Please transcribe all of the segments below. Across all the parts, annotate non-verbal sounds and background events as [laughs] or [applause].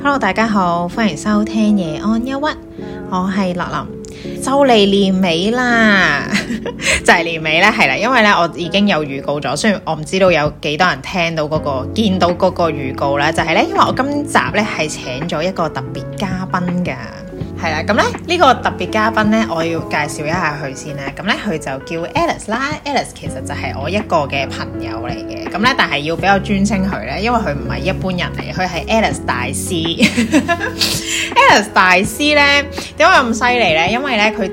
Hello，大家好，歡迎收聽夜安憂鬱。我係樂琳，就嚟年尾啦，就係年尾啦，係啦，因為咧，我已經有預告咗，雖然我唔知道有幾多人聽到嗰個見到嗰個預告啦，就係咧，因為我今集咧係請咗一個特別嘉賓噶。係啦，咁咧呢個特別嘉賓咧，我要介紹一下佢先啦。咁咧佢就叫 Alice 啦。Alice 其實就係我一個嘅朋友嚟嘅。咁咧但係要比較尊稱佢咧，因為佢唔係一般人嚟，佢係 Alice 大師。 [laughs] Alice 大師咧點解咁犀利咧？因為咧佢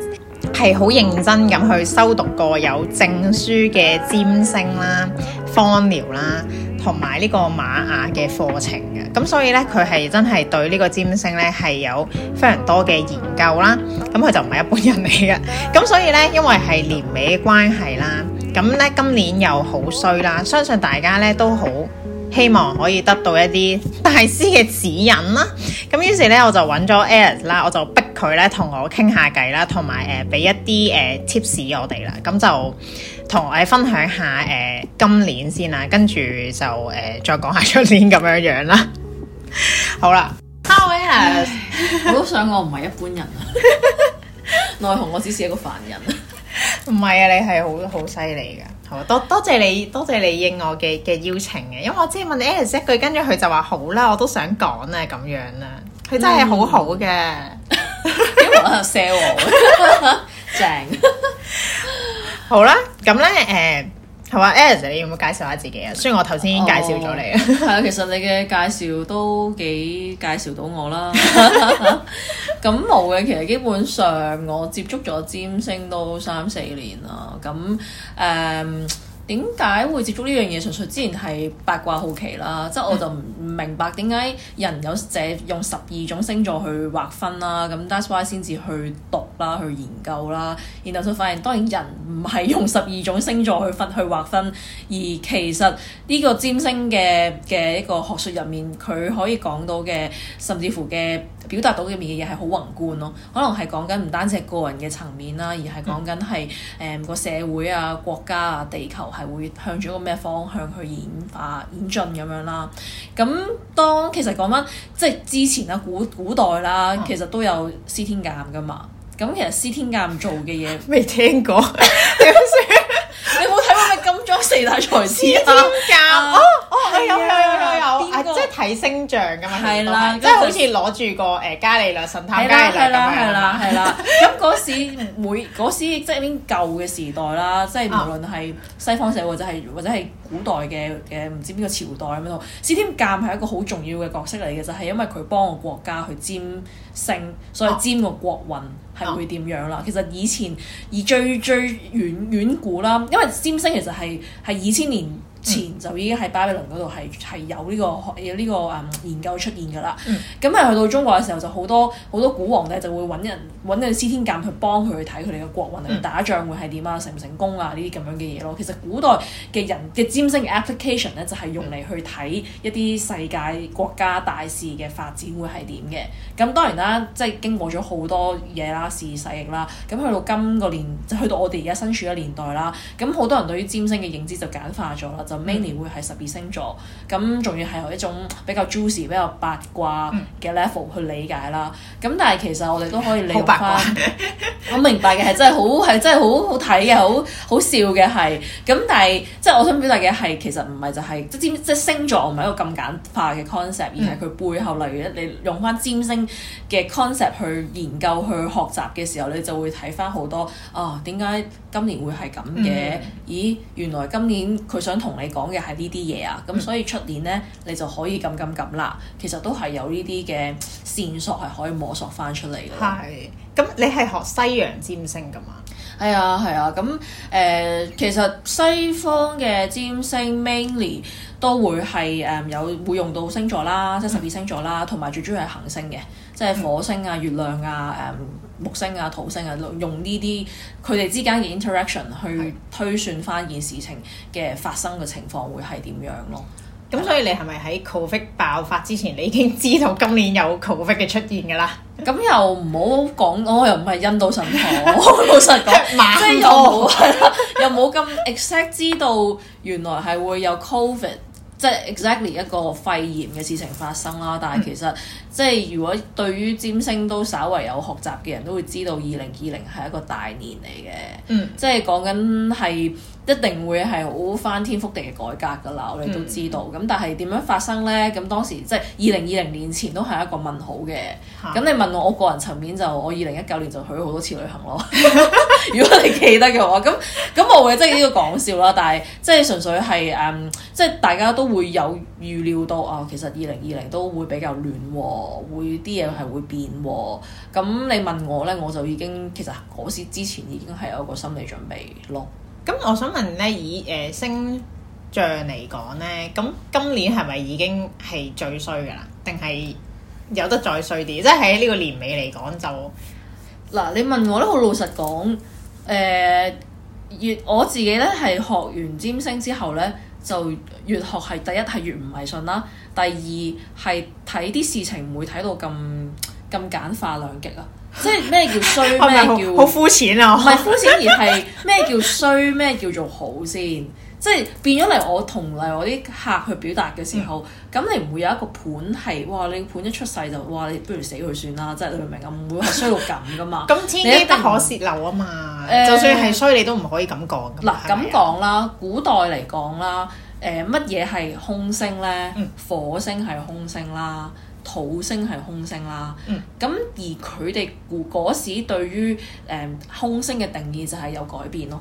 係好認真咁去修讀過有證書嘅占星啦、芳療啦。同埋呢個瑪雅嘅課程嘅，咁所以呢，佢係真係對呢個占星呢係有非常多嘅研究啦，咁佢就唔係一般人嚟嘅，咁所以呢，因為係年尾嘅關係啦，咁呢今年又好衰啦，相信大家呢都好。希望可以得到一啲大師嘅指引啦，咁於是咧我就揾咗 Alex 啦，我就逼佢咧同我傾下偈啦，同埋誒俾一啲誒 tips 我哋啦，咁就同我哋分享下誒、呃、今年先啦，跟住就誒、呃、再講下出年咁樣樣啦。 [laughs] 好啦，Hello Alex，我都想我唔係一般人啊，奈 [laughs] 何 [laughs] 我只是一個凡人唔係 [laughs] 啊，你係好好犀利㗎。好多多謝你，多謝你應我嘅嘅邀請嘅，因為我之前問 Alex 一句，跟住佢就話好啦，我都想講啊咁樣啦，佢真係好、嗯、 [laughs] 好嘅，喺度 sell 我，正，好啦，咁咧誒。呃係嘛 Alice 你要唔要介紹下自己啊？雖然我頭先已經介紹咗你，係啊、哦，其實你嘅介紹都幾介紹到我啦。咁冇嘅，其實基本上我接觸咗占星都三四年啦。咁誒。嗯點解會接觸呢樣嘢？純粹之前係八卦好奇啦，即係我就唔明白點解人有只用十二種星座去劃分啦。咁 That's why 先至去讀啦，去研究啦。然後就發現，當然人唔係用十二種星座去分去劃分，而其實呢個占星嘅嘅一個學術入面，佢可以講到嘅，甚至乎嘅。表達到嘅面嘅嘢係好宏觀咯，可能係講緊唔單止係個人嘅層面啦，而係講緊係誒個社會啊、國家啊、地球係會向住一個咩方向去演化、演進咁樣啦。咁當其實講翻即係之前啊、古古代啦，嗯、其實都有司天監噶嘛。咁其實司天監做嘅嘢未聽過，點算？你冇。司天監啊！哦，係有有有有，係即係睇星象噶嘛，係啦，即係好似攞住個誒伽利略、神探伽利略咁樣，係啦係啦係啦，咁嗰時每嗰時即係啲舊嘅時代啦，即係無論係西方社會，或者係或者係古代嘅嘅唔知邊個朝代咁樣，司天監係一個好重要嘅角色嚟嘅，就係因為佢幫個國家去占星，所以占個國運。係會點樣啦？其實以前而最最遠遠古啦，因為占星其實係係二千年前就已經喺巴比倫嗰度係係有呢、這個有呢、這個誒、嗯、研究出現㗎啦。咁係、嗯、去到中國嘅時候就，就好多好多古王咧就會揾人揾呢個司天監去幫佢去睇佢哋嘅國運，嗯、打仗會係點啊，成唔成功啊呢啲咁樣嘅嘢咯。其實古代嘅人嘅占星 application 咧就係、是、用嚟去睇一啲世界國家大事嘅發展會係點嘅。咁、嗯、當然啦，即係經過咗好多嘢啦，時勢啦。咁去到今個年，就去到我哋而家身處嘅年代啦。咁好多人對於占星嘅認知就簡化咗啦，Many 會係十二星座，咁仲、嗯、要係一種比較 juicy、比較八卦嘅 level 去理解啦。咁、嗯、但係其實我哋都可以理解翻。我明白嘅係 [laughs] 真係好，好，係真係好好睇嘅，好好笑嘅係。咁但係即係我想表達嘅係，其實唔係就係即係即係星座唔係一個咁簡化嘅 concept、嗯、而係佢背後例如你用翻占星嘅 concept 去研究去學習嘅時候，你就會睇翻好多啊點解？今年會係咁嘅，嗯、哼咦？原來今年佢想同你講嘅係呢啲嘢啊，咁、嗯嗯、所以出年呢，你就可以咁咁咁啦。其實都係有呢啲嘅線索係可以摸索翻出嚟嘅。係，咁你係學西洋占星噶嘛？係啊，係啊。咁誒、呃，其實西方嘅占星 mainly 都會係誒有會用到星座啦，即係十二星座啦，同埋、嗯、最主要係行星嘅，即係火星啊、月亮啊，誒、嗯。木星啊、土星啊，用呢啲佢哋之間嘅 interaction 的去推算翻件事情嘅發生嘅情況會係點樣咯？咁所以你係咪喺 covid 爆發之前，你已經知道今年有 covid 嘅出現噶啦？咁 [laughs] 又唔好講，我、哦、又唔係印度神婆， [laughs] [laughs] 老實講說，多即係又 [laughs] [laughs] 又冇咁 exact 知道，原來係會有 covid。即係 exactly 一個肺炎嘅事情發生啦，但係其實即係、嗯、如果對於占星都稍為有學習嘅人都會知道，二零二零係一個大年嚟嘅，即係講緊係一定會係好翻天覆地嘅改革噶啦，我哋都知道。咁、嗯、但係點樣發生咧？咁當時即係二零二零年前都係一個問號嘅。咁、嗯、你問我，我個人層面就我二零一九年就去咗好多次旅行咯。如果你記得嘅話，咁咁我會即係呢個講笑啦。但係即係純粹係誒，即、um, 係大家都。會有預料到啊、哦，其實二零二零都會比較亂喎，會啲嘢係會變喎。咁你問我呢，我就已經其實嗰時之前已經係有一個心理準備咯。咁我想問呢，以誒星象嚟講呢，咁今年係咪已經係最衰噶啦？定係有得再衰啲？即係喺呢個年尾嚟講就嗱，你問我都好老實講，誒、呃，越我自己呢係學完占星之後呢，就越學係第一係越唔迷信啦，第二係睇啲事情唔會睇到咁咁簡化兩極啊！即係咩叫衰咩叫好？好膚淺啊！唔係膚淺而係咩叫衰咩叫做好先。即係變咗嚟，我同嚟我啲客去表達嘅時候，咁你唔會有一個盤係哇，你盤一出世就哇，你不如死佢算啦，即係你明唔明啊？唔會係衰到咁噶嘛。咁天機不可泄漏啊嘛，就算係衰，你都唔可以咁講。嗱，咁講啦，古代嚟講啦，誒乜嘢係空星咧？火星係空星啦，土星係空星啦。咁而佢哋古嗰時對於誒空星嘅定義就係有改變咯。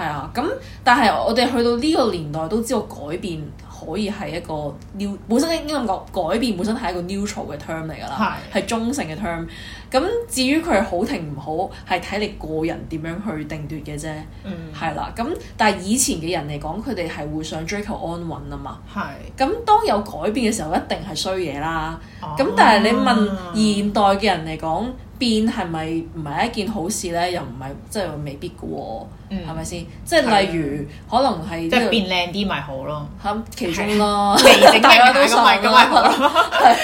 係啊，咁但係我哋去到呢個年代都知道改變可以係一個 new 本身呢個改變本身係一個 neutral 嘅 term 嚟㗎啦，係是中性嘅 term。咁至於佢好定唔好，係睇你個人點樣去定奪嘅啫。係啦、嗯，咁、啊、但係以前嘅人嚟講，佢哋係會想追求安穩啊嘛。係咁是，當有改變嘅時候，一定係衰嘢啦。咁、啊、但係你問現代嘅人嚟講？變係咪唔係一件好事咧？又唔係即係未必嘅喎，係咪先？即係例如可能係即係變靚啲咪好咯，其中咯，大家都話咯，係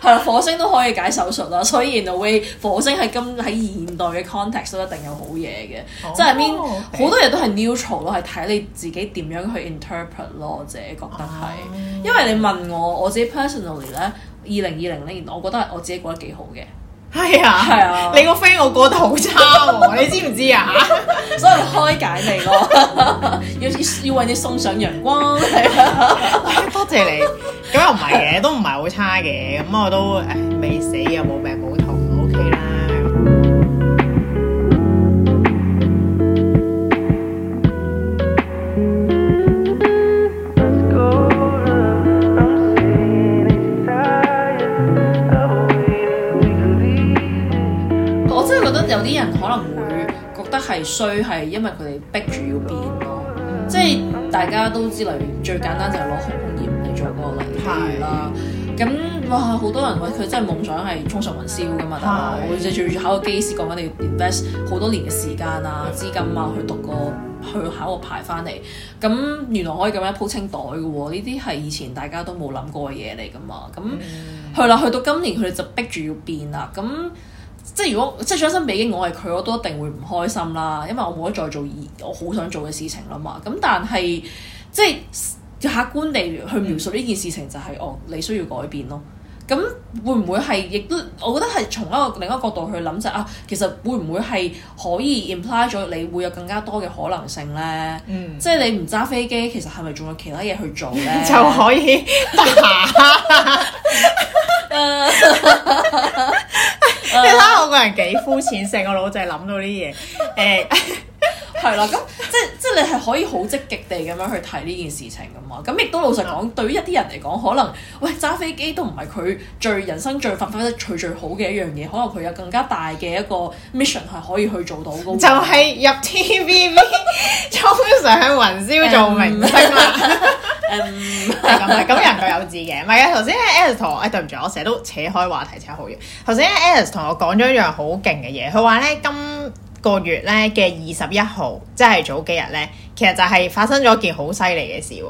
係啦，火星都可以解手術啦，所以原來 w 火星喺今喺現代嘅 context 都一定有好嘢嘅，即係入面好多嘢都係 neutral 咯，係睇你自己點樣去 interpret 咯，自己覺得係，因為你問我我自己 personally 咧，二零二零咧，我覺得我自己過得幾好嘅。係、哎、啊，啊，你個 FRIEND 我過得好差喎，你知唔知啊？ [laughs] 所以開解你咯，要 [laughs] 要為你送上陽光，係 [laughs] 啊、哎，多謝，謝你。咁又唔係嘅， [laughs] 都唔係好差嘅，咁我都誒未死嘅，冇病。有啲人可能會覺得係衰，係因為佢哋逼住要變咯。即、嗯、係、嗯、大家都知，例如最簡單就係攞航空業嚟做個例子啦。咁的哇，好多人話佢真係夢想係衝上雲霄噶嘛。我哋最最考個機師講緊，你要 invest 好多年嘅時間啊、資金啊，去讀個去考個牌翻嚟。咁原來可以咁樣一鋪清袋嘅喎。呢啲係以前大家都冇諗過嘅嘢嚟噶嘛。咁去啦，去到今年佢哋就逼住要變啦。咁即係如果即係將心比己，我係佢，我都一定會唔開心啦，因為我冇得再做我好想做嘅事情啦嘛。咁但係，即係客觀地去描述呢件事情、就是，就係、嗯、哦，你需要改變咯。咁會唔會係，亦都我覺得係從一個另一個角度去諗就啊，其實會唔會係可以 imply 咗你會有更加多嘅可能性呢？嗯，即係你唔揸飛機，其實係咪仲有其他嘢去做呢？就可以搭。你睇我個人幾膚淺，成個腦就係諗到呢啲嘢，誒。 [laughs] [laughs] [laughs] 係啦，咁、 [laughs] 嗯、即即你係可以好積極地咁樣去睇呢件事情噶嘛？咁亦都老實講， [laughs] 對於一啲人嚟講，可能喂揸飛機都唔係佢最人生最發揮得最最好嘅一樣嘢，可能佢有更加大嘅一個 mission 係可以去做到、那個。就係入 TVB 衝上雲霄做明星啦！誒、 [laughs] [laughs] 嗯，係咁啊，咁人夠有志嘅。唔係啊，頭先 Ellis 同我對唔住，我成日都扯開話題扯好遠。頭先 Ellis 同我講咗一樣好勁嘅嘢，佢話咧今個月咧嘅二十一號，即係早幾日咧，其實就係發生咗件好犀利嘅事。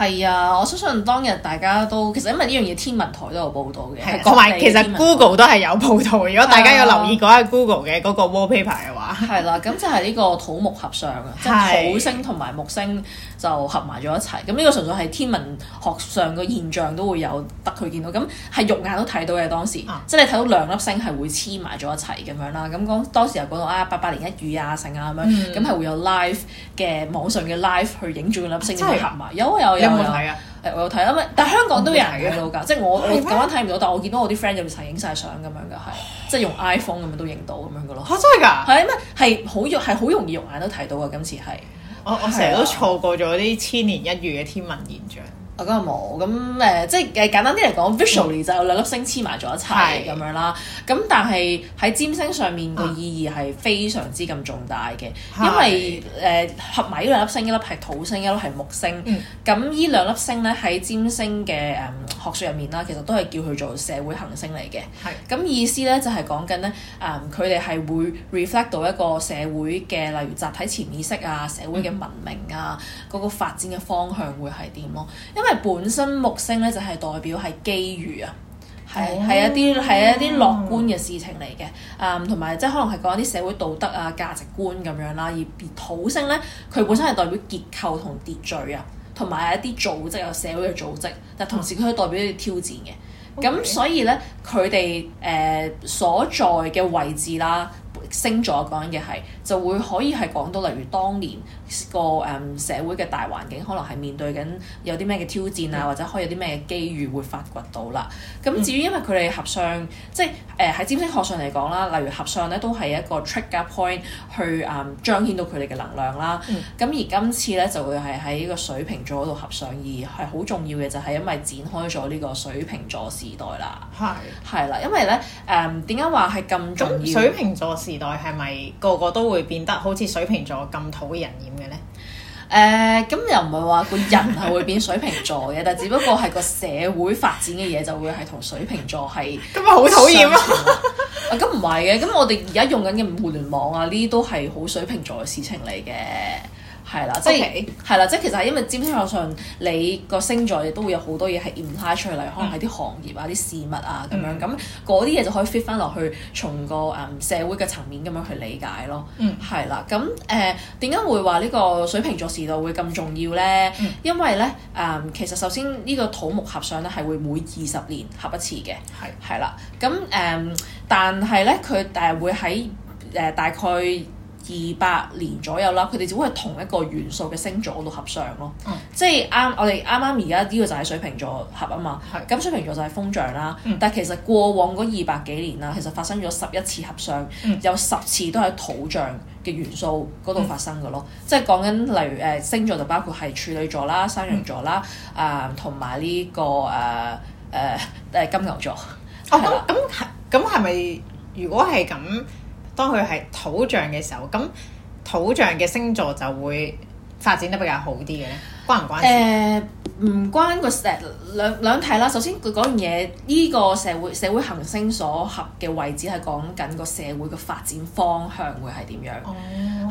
係啊，我相信當日大家都其實因為呢樣嘢天文台都有報道嘅，同埋其實 Google 都係有報道。如果大家有留意嗰個 Google 嘅嗰個 Wallpaper 嘅話，係啦，咁就係呢個土木合上，啊，即係土星同埋木星就合埋咗一齊。咁呢個純粹係天文學上嘅現象都會有得佢見到。咁係肉眼都睇到嘅當時，即係你睇到兩粒星係會黐埋咗一齊咁樣啦。咁講當時又講到啊八八年一月啊成啊咁樣，咁係會有 live 嘅網上嘅 live 去影住兩粒星合埋，有。我睇啊，誒、欸、我有睇啊，咪但係香港都有嘅，有即係我我咁啱睇唔到，但我見到我啲 friend 有成影晒相咁樣嘅，係 [laughs] 即係用 iPhone 咁樣都影到咁樣嘅咯。嚇、哦！真係㗎？係啊，咩係好係好容易肉眼都睇到嘅。今次係我我成日都錯過咗啲千年一遇嘅天文現象。 [laughs] [laughs] 我覺得冇咁誒，即係誒簡單啲嚟講，visually 就有兩粒星黐埋咗一齊咁是樣啦。咁但係喺占星上面嘅意義係非常之咁重大嘅，是因為誒、呃、合埋呢兩粒星，一粒係土星，一粒係木星。咁、嗯、呢兩粒星咧喺占星嘅誒學術入面啦，其實都係叫佢做社會行星嚟嘅。咁是意思咧就係、是、講緊咧，誒佢哋係會 reflect 到一個社會嘅，例如集體潛意識啊、社會嘅文明啊、嗰、嗯、個發展嘅方向會係點咯，因為本身木星咧就係代表係機遇啊，係係一啲係一啲樂觀嘅事情嚟嘅。啊，同埋即係可能係講一啲社會道德啊、價值觀咁樣啦，而土星咧佢本身係代表結構同秩序啊，同埋一啲組織啊、社會嘅組織，但、嗯、同時佢都代表一啲挑戰嘅，咁 Okay. 所以咧佢哋誒所在嘅位置啦。升咗講緊嘅係就會、是、可以係講到例如當年個誒社會嘅大環境可能係面對緊有啲咩嘅挑戰啊，嗯、或者可以有啲咩嘅機遇會發掘到啦。咁至於因為佢哋合相，嗯、即係誒喺占星學上嚟講啦，例如合相咧都係一個 trigger 嘅 point 去誒、呃、彰顯到佢哋嘅能量啦。咁、嗯、而今次咧就會係喺個水瓶座度合相，而係好重要嘅就係因為展開咗呢個水瓶座時代啦。係係啦，因為咧誒點解話係咁重要？水瓶座時代。代係咪個個都會變得好似水瓶座咁討人厭嘅咧？誒、呃，咁又唔係話個人係會變水瓶座嘅， [laughs] 但只不過係個社會發展嘅嘢就會係同水瓶座係咁咪好討厭咯？ [laughs] [laughs] 啊，咁唔係嘅，咁我哋而家用緊嘅互聯網啊，呢啲都係好水瓶座嘅事情嚟嘅。係啦，即係係啦，即係 Okay. 其實係因為占星學上，你個星座亦都會有好多嘢係 emphasize 出嚟，可能係啲行業啊、啲事物啊咁樣，咁嗰啲嘢就可以 fit 飛翻落去從個誒社會嘅層面咁樣去理解咯。嗯，係啦，咁誒點解會話呢個水瓶座時代會咁重要咧？嗯、因為咧誒、呃，其實首先呢個土木合相咧係會每二十年合一次嘅。係係啦，咁誒的、呃，但係咧佢誒會喺誒、呃、大概。二百年左右啦，佢哋只會喺同一個元素嘅星座度合相咯。即係啱，我哋啱啱而家呢個就係水瓶座合啊嘛。咁水瓶座就係風象啦，但係其實過往嗰二百幾年啦，其實發生咗十一次合相，有十次都係土象嘅元素嗰度發生㗎咯。即係講緊例如誒星座就包括係處女座啦、山羊座啦啊，同埋呢個誒誒金牛座。咁咁係咪？如果係咁？當佢係土象嘅時候，咁土象嘅星座就會發展得比較好啲嘅，關唔關事？唔、呃、關、嗰個誒兩兩題啦。首先佢講嘢，呢、呢個社會社會行星所合嘅位置係講緊個社會嘅發展方向會係點樣？哦，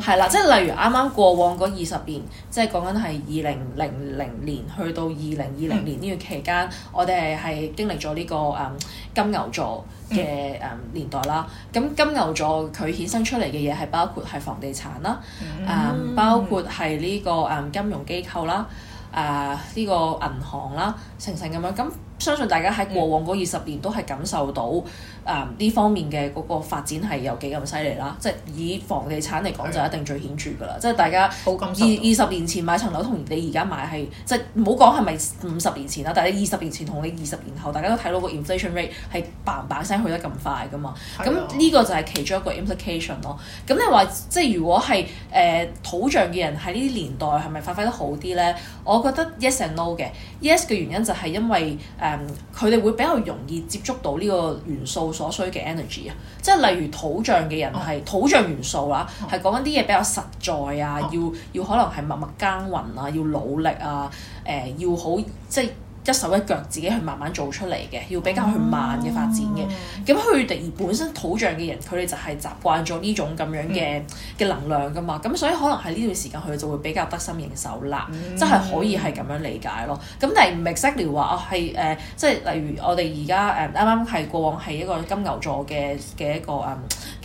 係啦，即係例如啱啱過往嗰二十年，即係講緊係二零零零年去到二零二零年呢段期間，嗯、我哋係經歷咗呢、呢個誒、嗯、金牛座。嘅誒、嗯、年代啦，咁、嗯、金牛座佢衍生出嚟嘅嘢係包括係房地產啦，誒、嗯、包括係呢、這個誒、嗯、金融機構啦，誒、呃、呢、這個銀行啦。成成咁樣，咁相信大家喺過往嗰二十年都係感受到啊呢、嗯嗯、方面嘅嗰個發展係有幾咁犀利啦，即係以房地產嚟講對就一定最顯著噶啦，即係大家二二十年前買層樓同你而家買係即係唔好講係咪五十年前啦，但係你二十年前同你二十年後大家都睇到個 inflation rate 係 bang bang 聲去得咁快噶嘛，咁呢、啊、個就係其中一個 implication 咯。咁你話即係如果係誒、呃、土象嘅人喺呢啲年代係咪發揮得好啲咧？我覺得 yes and no 嘅，yes 嘅原因就係因為誒，佢、嗯、哋會比較容易接觸到呢個元素所需嘅 energy 啊，即係例如土象嘅人係、oh. 土象元素啦、啊，係講緊啲嘢比較實在啊，oh. 要要可能係默默耕耘啊，要努力啊，誒、呃、要好即係。一手一腳自己去慢慢做出嚟嘅，要比較去慢嘅發展嘅。咁佢哋而本身土象嘅人，佢哋就係習慣咗呢種咁樣嘅嘅能量噶嘛。咁、mm. 所以可能係呢段時間佢哋就會比較得心應手啦，即係、mm. 可以係咁樣理解咯。咁但係唔係 solely 話，哦係誒、呃，即係例如我哋而家誒啱啱係過往係一個金牛座嘅嘅一個誒嘅、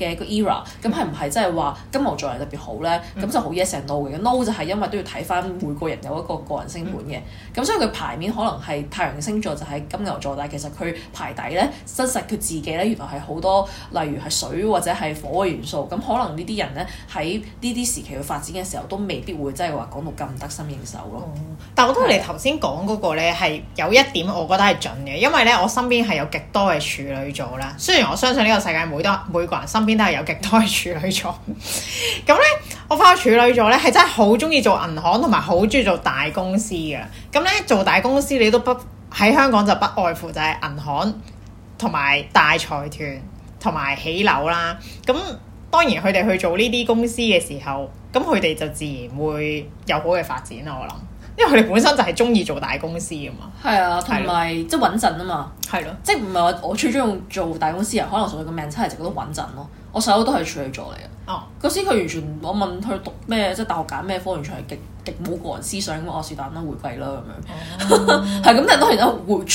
呃、一個 era，咁係唔係即係話金牛座係特別好咧？咁、mm. 就好 yes and no 嘅，no 就係因為都要睇翻每個人有一個個人星盤嘅。咁所以佢牌面可能。係太陽星座就係金牛座，但係其實佢排底咧，真實佢自己咧原來係好多，例如係水或者係火嘅元素。咁可能呢啲人咧喺呢啲時期去發展嘅時候，都未必會真係話講到咁得心應手咯、哦。但係我，我覺得你頭先講嗰個咧係有一點，我覺得係準嘅，因為咧我身邊係有極多嘅處女座啦。雖然我相信呢個世界每多每個人身邊都係有極多嘅處女座，咁 [laughs] 咧。我翻去處女座咧，係真係好中意做銀行，同埋好中意做大公司嘅。咁咧做大公司，你都不喺香港就不外乎就係銀行同埋大財團同埋起樓啦。咁當然佢哋去做呢啲公司嘅時候，咁佢哋就自然會有好嘅發展啦。我諗，因為佢哋本身就係中意做大公司啊嘛。係啊，同埋的即係穩陣啊嘛。係咯的，即係唔係我我最中意做大公司啊？可能所佢個命真係就覺得穩陣咯。我細佬都係處女座嚟嘅，嗰、oh. 時佢完全我問佢讀咩，即係大學揀咩科，完全係極極冇個人思想咁啊，是但啦，回避啦咁樣，係咁、oh. [laughs] 但係當然啦，處女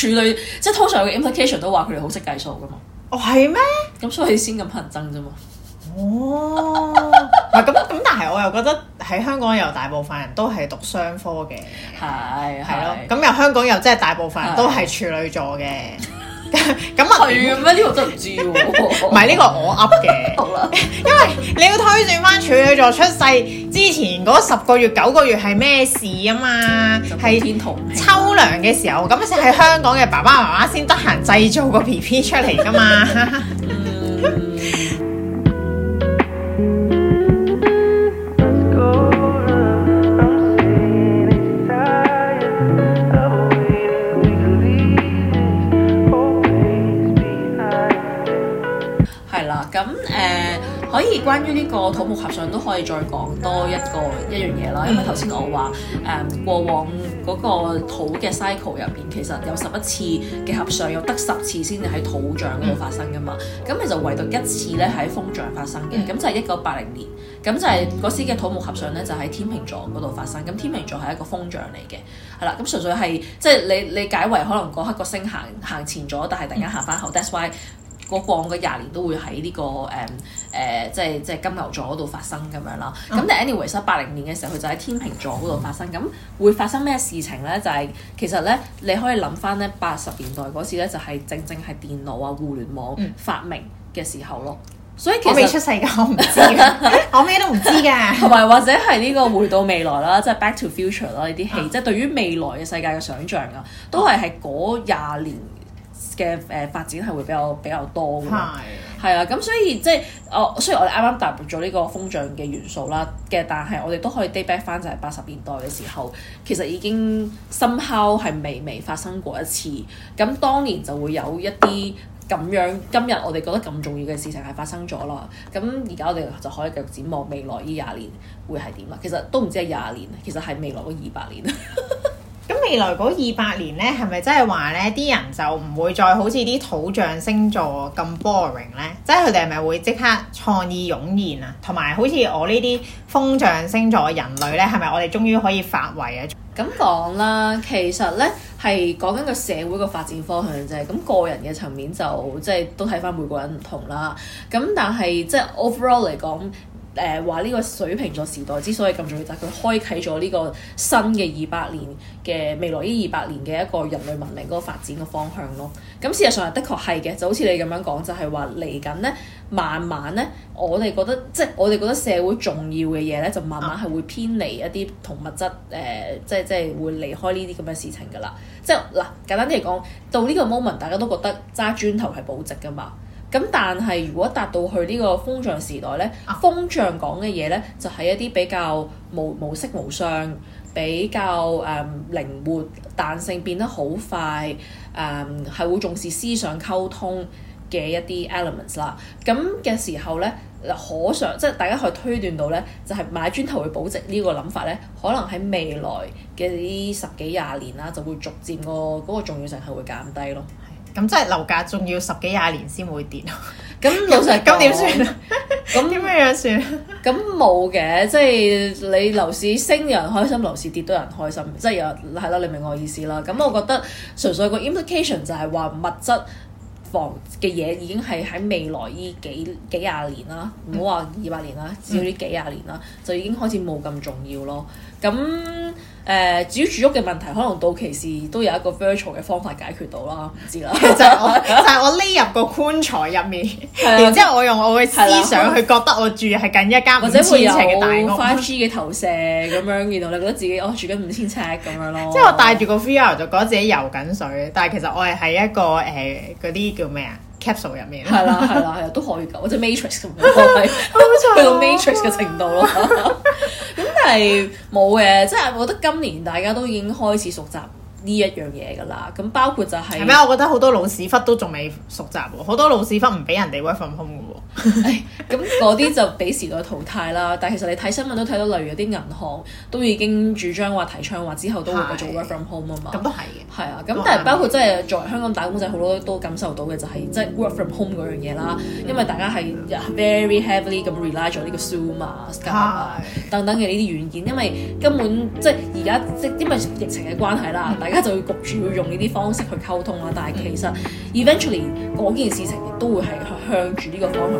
即係通常有個 implication 都話佢哋好識計數噶嘛，哦係咩？咁所以先咁乞人憎啫嘛。哦，唔咁咁，但係我又覺得喺香港又大部分人都係讀商科嘅，係係咯，咁又香港又即係大部分人都係處女座嘅。 [laughs] 咁、 [laughs] 這個、啊，咩呢個真唔知喎？唔係呢個我噏嘅。 [laughs] 好吧 [laughs] 因為你要推算翻處女座出世之前嗰十個月、九個月係咩事啊嘛？係秋涼嘅時候，咁時喺香港嘅爸爸媽媽先得閒製造個 BB 出嚟噶嘛。 [laughs] 嗯關於呢個土木合上都可以再講多一個一樣嘢啦，因為頭先我話誒、嗯、過往嗰個土嘅 cycle 入邊，其實有十一次嘅合上，有得十次先至喺土象嗰度發生噶嘛。咁其實唯獨一次咧喺風象發生嘅，咁就係一九八零年。咁就係嗰時嘅土木合上咧，就喺、是、天秤座嗰度發生。咁天秤座係一個風象嚟嘅，係啦。咁純粹係即係你你解為可能嗰刻個星行行前咗，但係突然間行翻後。嗯、That's why。我過廿年都會喺呢、這個誒誒、呃，即係即係金牛座嗰度發生咁樣啦。咁但、嗯、anyway，收八零年嘅時候，佢就喺天秤座嗰度發生。咁、嗯、會發生咩事情呢？就係、是、其實呢，你可以諗翻咧，八十年代嗰時咧，就係正正係電腦啊、互聯網發明嘅時候咯。所以其實我未出世界，我唔知， [laughs] 我咩都唔知㗎。同埋或者係呢個回到未來啦，即、就、係、是、Back to Future 啦，呢啲戲即係對於未來嘅世界嘅想像啊，都係喺嗰廿年。嘅誒、呃、發展係會比較比較多㗎嘛，係啊的，咁所以即係，哦、我雖然我哋啱啱踏入咗呢個風象嘅元素啦嘅，但係我哋都可以 date back 翻就係八十年代嘅時候，其實已經 somehow 係微微發生過一次。咁當年就會有一啲咁樣，今日我哋覺得咁重要嘅事情係發生咗啦。咁而家我哋就可以繼續展望未來呢廿年會係點啦。其實都唔知係廿年，其實係未來嗰二百年。 [laughs] 咁未來嗰二百年咧，係咪真係話咧啲人就唔會再好似啲土象星座咁 boring 咧？即係佢哋係咪會即刻創意湧現啊？同埋好似我呢啲風象星座人類咧，係咪我哋終於可以發圍啊？咁講啦，其實咧係講緊個社會個發展方向啫。咁個人嘅層面就即係都睇翻每個人唔同啦。咁但係即係 overall 嚟講。誒，話呢個水瓶座時代之所以咁重要，就係佢開啟咗呢個新嘅二百年嘅未來，呢二百年嘅一個人類文明嗰個發展嘅方向咯。咁事實上，係的確係嘅，就好似你咁樣講，就係話嚟緊呢，慢慢呢，我哋覺得即係我哋覺得社會重要嘅嘢呢，就慢慢係會偏離一啲同物質誒、呃，即係即係會離開呢啲咁嘅事情㗎啦。即係嗱，簡單啲嚟講，到呢個 moment，大家都覺得揸磚頭係保值㗎嘛。咁但係如果達到去呢個風象時代咧，風象講嘅嘢咧就係一啲比較無無色無相、比較誒、呃、靈活彈性變得好快誒，係、呃、會重視思想溝通嘅一啲 elements 啦。咁嘅時候咧，可想即係大家可以推斷到咧，就係、是、買磚頭去保值呢個諗法咧，可能喺未來嘅呢十幾廿年啦，就會逐漸、嗰個嗰、嗰個重要性係會減低咯。咁即係樓價仲要十幾廿年先會跌，咁 [laughs] 老實說，咁點算啊？咁 [laughs] 點那 [laughs] 樣算？咁冇嘅，即、就、係、是、你樓市升有人開心，樓市跌都有人開心，即、就、係、是、有係啦，你明我意思啦。咁我覺得純粹個 implication 就係話物質房嘅嘢已經係喺未來呢幾幾廿年啦，唔好話二百年啦，只要呢幾廿年啦，嗯、就已經開始冇咁重要咯。咁誒、呃，至於住屋嘅問題，可能到期時都有一個 virtual 嘅方法解決到啦，唔知啦。但係我， [laughs] 但係我匿入個棺材入面， [laughs] [laughs] 然之後我用我嘅思想去覺得我住係緊一間五千尺嘅大屋。5G 嘅投射咁樣， [laughs] 然後你覺得自己哦住緊五千尺咁樣咯。 [laughs] [laughs] 即係我戴住個 VR 就覺得自己游緊水， [laughs] 但係其實我係喺一個誒嗰啲叫咩啊？capsule 入面係 [laughs] 啦，係啦，係都可以㗎，或者 matrix 都唔錯， [laughs] 去 [laughs] 到 matrix 嘅程度咯。咁 [laughs] 但係冇嘅，即係我覺得今年大家都已經開始熟習呢一樣嘢㗎啦。咁包括就係、係、咩？我覺得好多老屎忽都仲未熟習喎，好多老屎忽唔俾人哋 work from home。咁嗰啲就俾時代淘汰啦，但係其實你睇新聞都睇到，例如有啲銀行都已經主張話提倡話之後都會會做 work from home 啊嘛的，咁都係嘅。係啊的，咁、嗯、但係包括即係作為香港打工仔，好多都感受到嘅就係即係 work from home 嗰樣嘢啦，因為大家係 very heavily 咁 rely 咗呢個 Zoom 啊、Skype 啊的等等嘅呢啲軟件，因為根本即係而家即係因為疫情嘅關係啦，嗯、大家就會焗住要用呢啲方式去溝通啦、啊。但係其實 eventually 件事情亦都會係向住呢個方向。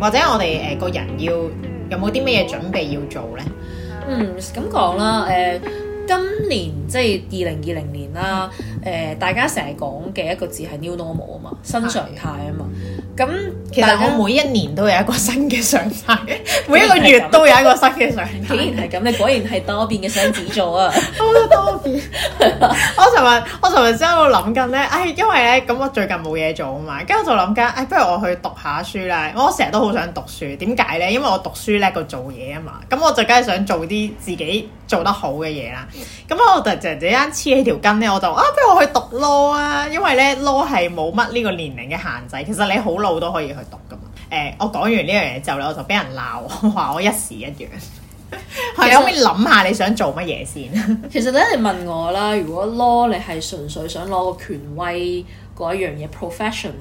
或者我哋誒、呃、個人要有冇啲咩準備要做呢？嗯，咁講啦，誒、呃，今年即係二零二零年啦，誒、呃，大家成日講嘅一個字係 new normal 啊嘛，新常態啊嘛。咁，其實我每一年都有一個新嘅想法， [laughs] 每一個月都有一個新嘅想法。 [laughs] 竟然係咁，你果然係多變嘅雙子座啊！ [laughs] [laughs] 我都多變。 [laughs] 我尋日，我尋日真喺度諗緊咧，唉，因為咧，咁我最近冇嘢做啊嘛，跟住我就諗緊，唉、哎，不如我去讀下書啦。我成日都好想讀書，點解咧？因為我讀書叻過做嘢啊嘛，咁我就梗係想做啲自己做得好嘅嘢啦，咁啊我就就突然間黐起條筋咧，我就啊，不如我去讀 law 啊，因為咧 law 係冇乜呢個年齡嘅限制，其實你好老都可以去讀噶嘛。誒、欸，我講完呢樣嘢之後咧，我就俾人鬧，話我一時一樣。你可唔可以諗下你想做乜嘢先？其實咧，你問我啦，如果 law 你係純粹想攞個權威嗰一樣嘢，professional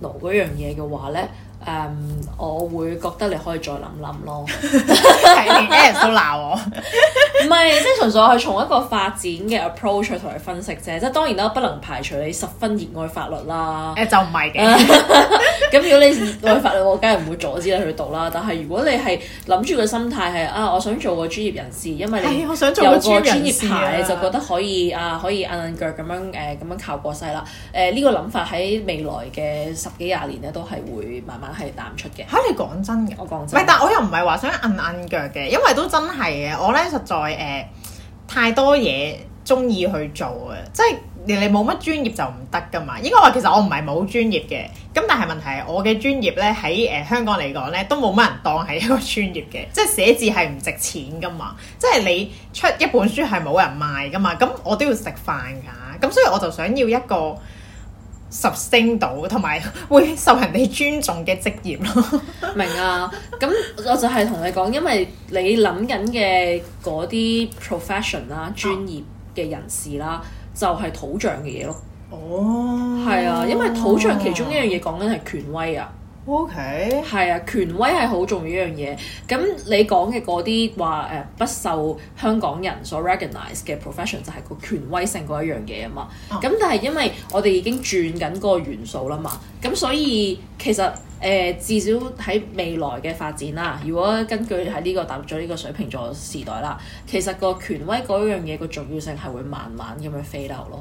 嗰樣嘢嘅話咧？誒，um，我會覺得你可以再諗諗咯，睇啲人唔好鬧我，唔 [laughs] 係， [laughs] 即係純粹我係從一個發展嘅 approach 去同佢分析啫，即係當然啦，不能排除你十分熱愛法律啦，誒就唔係嘅，咁如果你熱愛法律，我梗係唔會阻止你去讀啦。但係如果你係諗住個心態係啊，我想做個專業人士，因為你有個專業牌， [laughs] 就覺得可以啊，可以揞揞腳咁樣誒，咁樣靠過世啦。誒呢個諗法喺未來嘅十幾廿年咧，都係會慢慢。係答唔出嘅。嚇、啊、你講真嘅，我講真。唔但我又唔係話想揞揞腳嘅，因為都真係嘅。我咧實在誒、呃、太多嘢中意去做嘅，即係你冇乜專業就唔得噶嘛。應該話其實我唔係冇專業嘅，咁但係問題係我嘅專業咧喺誒香港嚟講咧都冇乜人當係一個專業嘅，即係寫字係唔值錢噶嘛。即係你出一本書係冇人賣噶嘛，咁我都要食飯㗎、啊，咁所以我就想要一個。十星到，同埋會受人哋尊重嘅職業咯， [laughs] 明啊？咁我就係同你講，因為你諗緊嘅嗰啲 profession 啦、專業嘅人士啦，啊、就係土象嘅嘢咯。哦，係啊，因為土象其中一樣嘢講緊係權威啊。O K，係啊，權威係好重要一樣嘢。咁你講嘅嗰啲話誒，不受香港人所 recognize 嘅 profession 就係個權威性嗰一樣嘢啊嘛。咁、oh. 但係因為我哋已經轉緊個元素啦嘛，咁所以其實誒、呃、至少喺未來嘅發展啦、啊，如果根據喺呢、這個踏入咗呢個水瓶座時代啦，其實個權威嗰樣嘢個重要性係會慢慢咁樣飛流咯。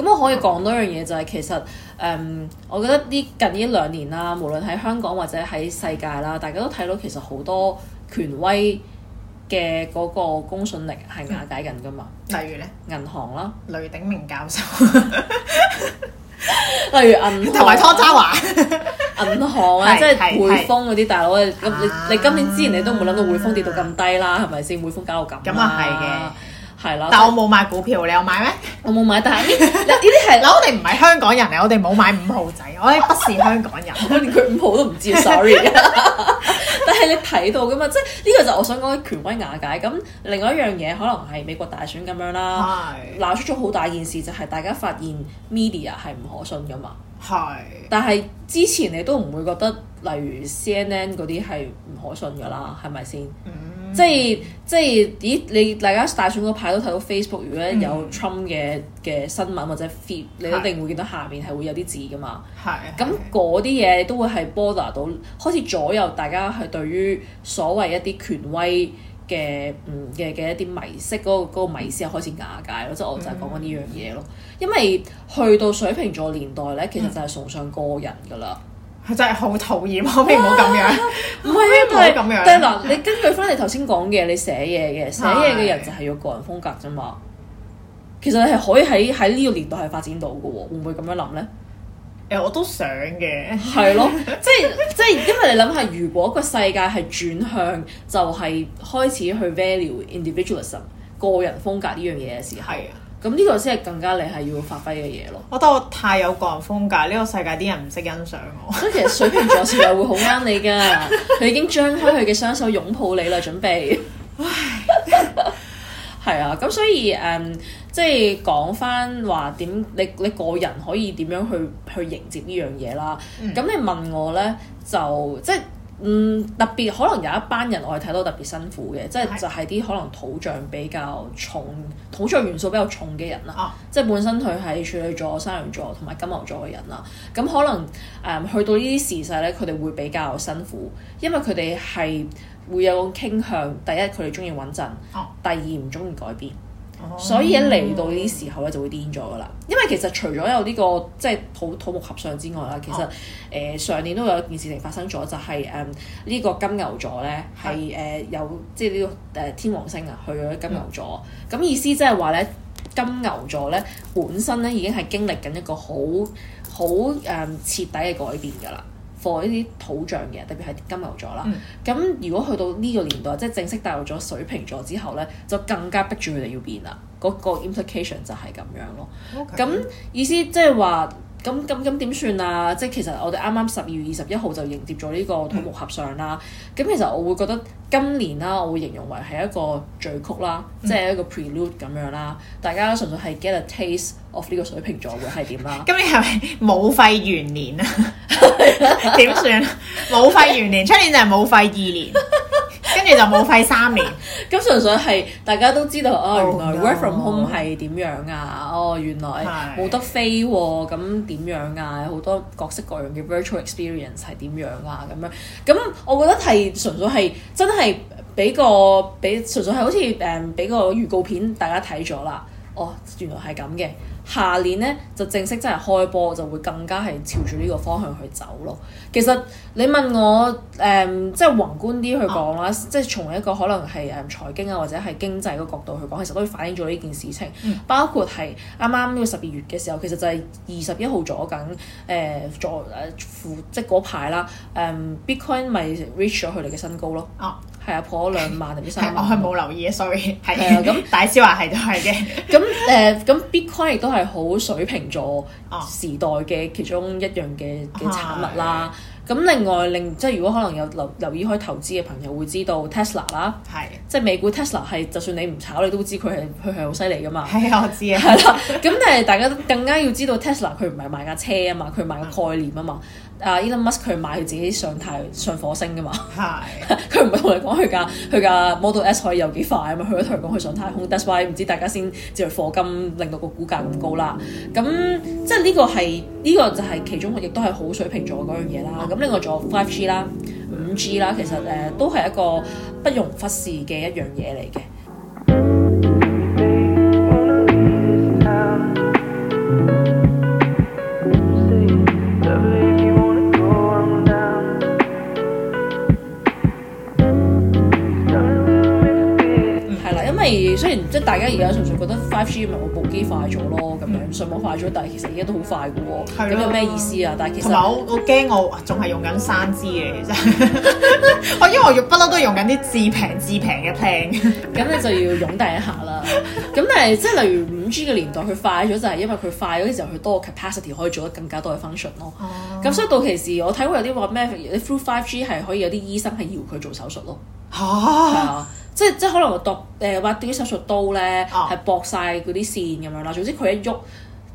咁我可以講多樣嘢，就係其實，誒，我覺得呢近呢兩年啦，無論喺香港或者喺世界啦，大家都睇到其實好多權威嘅嗰個公信力係瓦解緊㗎嘛。例如咧，銀行啦，雷鼎明教授，例如銀同埋湯渣華，銀行啊，即係匯豐嗰啲大佬啊。咁你你今年之前你都冇諗到匯豐跌到咁低啦，係咪先？匯豐搞到咁。咁啊，係嘅。係啦，但我冇買股票，你有買咩？ [laughs] 我冇買，但係呢啲係，嗱我哋唔係香港人嚟，我哋冇買五號仔，我哋不是香港人，我，我人 [laughs] [laughs] 連佢五號都唔知，sorry。 [laughs] 但係你睇到噶嘛，即係呢、這個就我想講權威瓦解。咁另外一樣嘢可能係美國大選咁樣啦，是鬧出咗好大件事，就係、是、大家發現 media 係唔可信噶嘛。係是，但係之前你都唔會覺得，例如 CNN 嗰啲係唔可信噶啦，係咪先？嗯。嗯、即係，即係咦？你大家大選嗰排都睇到 Facebook，如果有 Trump 嘅嘅、嗯、新聞或者 feed，是你一定會見到下面係會有啲字噶嘛。係的。咁嗰啲嘢都會係 border 到的開始左右大家係對於所謂一啲權威嘅嘅嘅一啲迷思嗰、嗰個嗰、嗰個迷思係開始瓦解咯。即係的的我就係講緊呢樣嘢咯。因為去到水瓶座年代咧，其實就係崇尚個人噶啦。嗯嗯佢真係好討厭，可唔可以唔好咁樣。唔係啊，唔好咁樣。嗱，你根據翻你頭先講嘅，你寫嘢嘅寫嘢嘅人就係要個人風格啫嘛。對 其實你係可以喺喺呢個年代係發展到嘅喎，會唔會咁樣諗咧？誒，我都想嘅。係咯，即係即係，因為你諗下，如果個世界係轉向，就係開始去 value individualism 個人風格呢樣嘢嘅時候，係啊。咁呢個先係更加你係要發揮嘅嘢咯。我覺得我太有個人風格，呢、這個世界啲人唔識欣賞我。咁 [laughs] 其實水瓶座先係會好啱你嘅，佢已經張開佢嘅雙手擁抱你啦，準備。唉，係啊，咁所以誒、嗯，即係講翻話點，你你個人可以點樣去去迎接呢樣嘢啦？咁、嗯、你問我咧，就即係。嗯，特別可能有一班人我係睇到特別辛苦嘅，即係的就係啲可能土象比較重、土象元素比較重嘅人啦，啊、即係本身佢係處女座、山羊座同埋金牛座嘅人啦，咁可能誒、嗯、去到呢啲時勢咧，佢哋會比較辛苦，因為佢哋係會有個傾向，第一佢哋中意穩陣，啊、第二唔中意改變。所以一嚟到呢啲時候咧，就會癲咗噶啦。因為其實除咗有呢、這個即係土土木合相之外啦，其實誒、呃、上年都有一件事情發生咗，就係誒呢個金牛座咧係誒有即係呢、這個誒、呃、天王星啊去咗金牛座。咁、嗯、意思即係話咧金牛座咧本身咧已經係經歷緊一個好好誒徹底嘅改變噶啦。放呢啲土象嘅，特別係金牛座啦。咁、嗯、如果去到呢個年代，即係正式踏入咗水瓶座之後咧，就更加逼住佢哋要變啦。嗰個 implication 就係咁樣咯。咁 Okay. 意思即係話。咁咁咁點算啊？即係其實我哋啱啱十二月二十一號就迎接咗呢個土木合相啦。咁、嗯、其實我會覺得今年啦，我會形容為係一個序曲啦，嗯、即係一個 prelude 咁樣啦。大家純粹係 get a taste of 呢個水瓶座會係點啦？ [laughs] 今年係咪冇費元年啊？點 [laughs] [laughs] 算？冇費元年，出 [laughs] 年就係冇費二年。 [laughs] 跟住 [laughs] 就冇費三年，咁 [laughs] 純粹係大家都知道、oh, no. 哦，原來 work from home 係點樣啊、嗯嗯？哦，原來冇得飛喎，咁點樣啊？好多各式各樣嘅 virtual experience 係點樣啊？咁樣，咁我覺得係純粹係真係俾個俾純粹係好似誒俾個預告片大家睇咗啦，哦，原來係咁嘅。下年咧就正式真係開波，就會更加係朝住呢個方向去走咯。其實你問我誒即係宏觀啲去講啦，啊、即係從一個可能係誒財經啊，或者係經濟個角度去講，其實都會反映咗呢件事情。嗯、包括係啱啱呢個十二月嘅時候，其實就係二十一號咗緊誒左誒負、呃啊、即係嗰排啦。誒 Bitcoin 咪 reach 咗佢哋嘅新高咯。哦，係啊，破咗兩萬定啲三萬，係，我冇留意啊，sorry。係啊、嗯，咁大師話係都係嘅。 [laughs] 咁、呃、誒，咁 Bitcoin 亦都係。係好水瓶座時代嘅其中一樣嘅嘅產物啦。咁、哦、另外另外，即係如果可能有留留意開投資嘅朋友會知道 Tesla 啦，係對即係美股 Tesla，係就算你唔炒你都知佢係佢係好犀利噶嘛。係啊，我知啊。係 [laughs] 啦，咁但係大家更加要知道 [laughs] Tesla 佢唔係賣架車啊嘛，佢賣個概念啊嘛。嗯啊、uh，Elon Musk 佢買佢自己上太上火星嘅嘛，佢唔係同你講佢架佢架 Model S 可以有幾快啊嘛，佢都同你講佢上太空 [music] ，that's why 唔知大家先至嚟火金，令到個估價咁高啦。咁即係呢個係呢、呢個就係其中亦都係好水平咗嗰樣嘢啦。咁另外仲有 5G 啦、五 G 啦，其實誒都係一個不容忽視嘅一樣嘢嚟嘅。雖然即係大家而家純粹覺得 Five G 咪我部機快咗咯，咁、嗯、樣、嗯、上網快咗，但係其實而家都好快嘅喎。咁了有咩意思啊？但係其實我我驚我仲係用緊三 G 嘅，其實。我 [laughs] [laughs] 因為我不嬲都用緊啲至平至平嘅 plan。咁你就要擁戴一下啦。咁但係即係例如五 G 嘅年代，佢快咗就係因為佢快咗嘅時候，佢多個 capacity 可以做得更加多嘅 function 咯。哦。咁所以到其時我睇過有啲話咩？你 Through Five G 係可以有啲醫生係要佢做手術咯。啊 [laughs] 即係即係可能我度誒挖啲手術刀咧，係駁晒嗰啲線咁樣啦。總之佢一喐，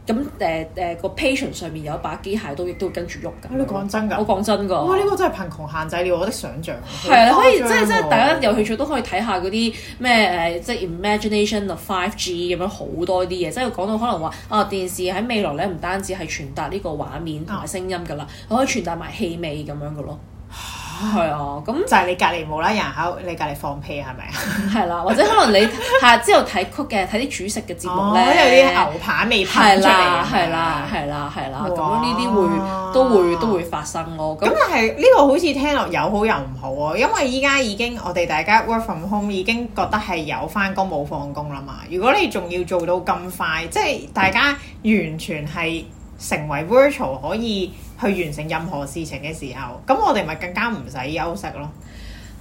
咁誒誒個 patient 上面有一把機械刀，亦都會跟住喐㗎。你講真㗎？我講真㗎。哇、哦！呢、這個真係貧窮限制了我的想像。係啊，可以即係即係，大家遊戲場都可以睇下嗰啲咩誒，即係 imagination of five G 咁樣好多啲嘢。即係講到可能話啊，電視喺未來咧唔單止係傳達呢個畫面同埋聲音㗎啦，哦、可以傳達埋氣味咁樣㗎咯。係啊，咁就係你隔離冇啦人喺你隔離放屁係咪 [laughs] 啊？係啦，或者可能你係之後睇曲嘅，睇啲煮食嘅節目咧、哦，有啲牛扒未拍出嚟啊！係啦、啊，係啦、啊，係啦、啊，咁呢啲會都會都會發生咯。咁但係呢個好似聽落有好有唔好啊，因為依家已經我哋大家 work from home 已經覺得係有返工冇放工啦嘛。如果你仲要做到咁快，即係大家完全係成為 virtual 可以。去完成任何事情嘅時候，咁我哋咪更加唔使休息咯。